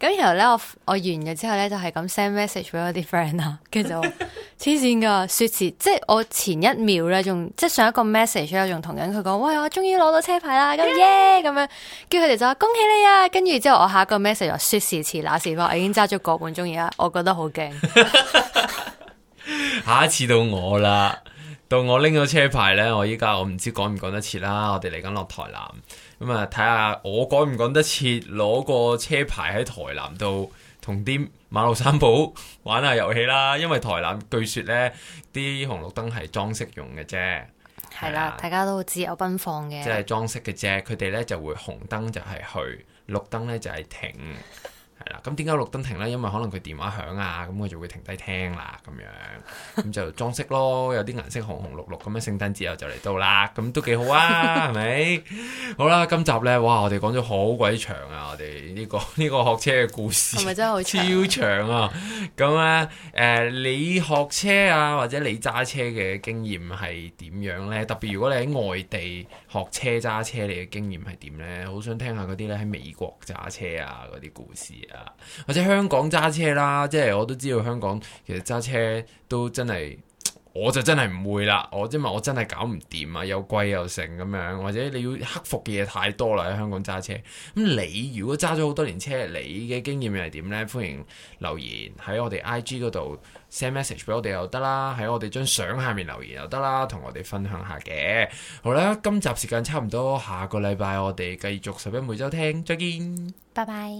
咁然後咧，我我完咗之後咧，就係咁 send message 俾 我啲 friend 啦，跟住就黐線噶說時，即係我前一秒咧仲即係上一個 message 咧仲同緊佢講，喂，我終於攞到車牌啦，咁耶咁樣，叫佢哋就話恭喜你啊，跟住之後我下一個 message 話說時遲那時快，我已經揸咗個半鐘啦，我覺得好驚，下一次到我啦，到我拎到車牌咧，我依家我唔知趕唔趕得切啦，我哋嚟緊落台南。咁啊，睇下我趕唔趕得切，攞個車牌喺台南度同啲馬路三寶玩下遊戲啦。因為台南據說呢啲紅綠燈係裝飾用嘅啫，係啦的，的大家都自由奔放嘅，即係裝飾嘅啫。佢哋呢就會紅燈就係去，綠燈呢就係停。 嗱，咁點解綠燈停呢？因為可能佢電話響啊，咁佢就會停低聽啦，咁樣，咁就裝飾咯，有啲顏色紅紅綠綠咁樣聖後。聖誕節又就嚟到啦，咁都幾好啊，係咪？ 好啦，今集呢，哇，我哋講咗好鬼長啊，我哋呢、呢個呢、呢個學車嘅故事係咪真係超長啊？咁咧、啊，誒、呃，你學車啊，或者你揸車嘅經驗係點樣呢？特別如果你喺外地學車揸車，你嘅經驗係點呢？好想聽下嗰啲咧喺美國揸車啊嗰啲故事啊！或者香港揸車啦，即係我都知道香港其實揸車都真係，我就真係唔會啦。我即係我真係搞唔掂啊，又貴又剩咁樣，或者你要克服嘅嘢太多啦。喺香港揸車咁，你如果揸咗好多年車，你嘅經驗又係點呢？歡迎留言喺我哋 I G 嗰度 send message 俾我哋又得啦，喺我哋張相下面留言又得啦，同我哋分享下嘅。好啦，今集時間差唔多，下個禮拜我哋繼續拾壹每週聽，再見，拜拜。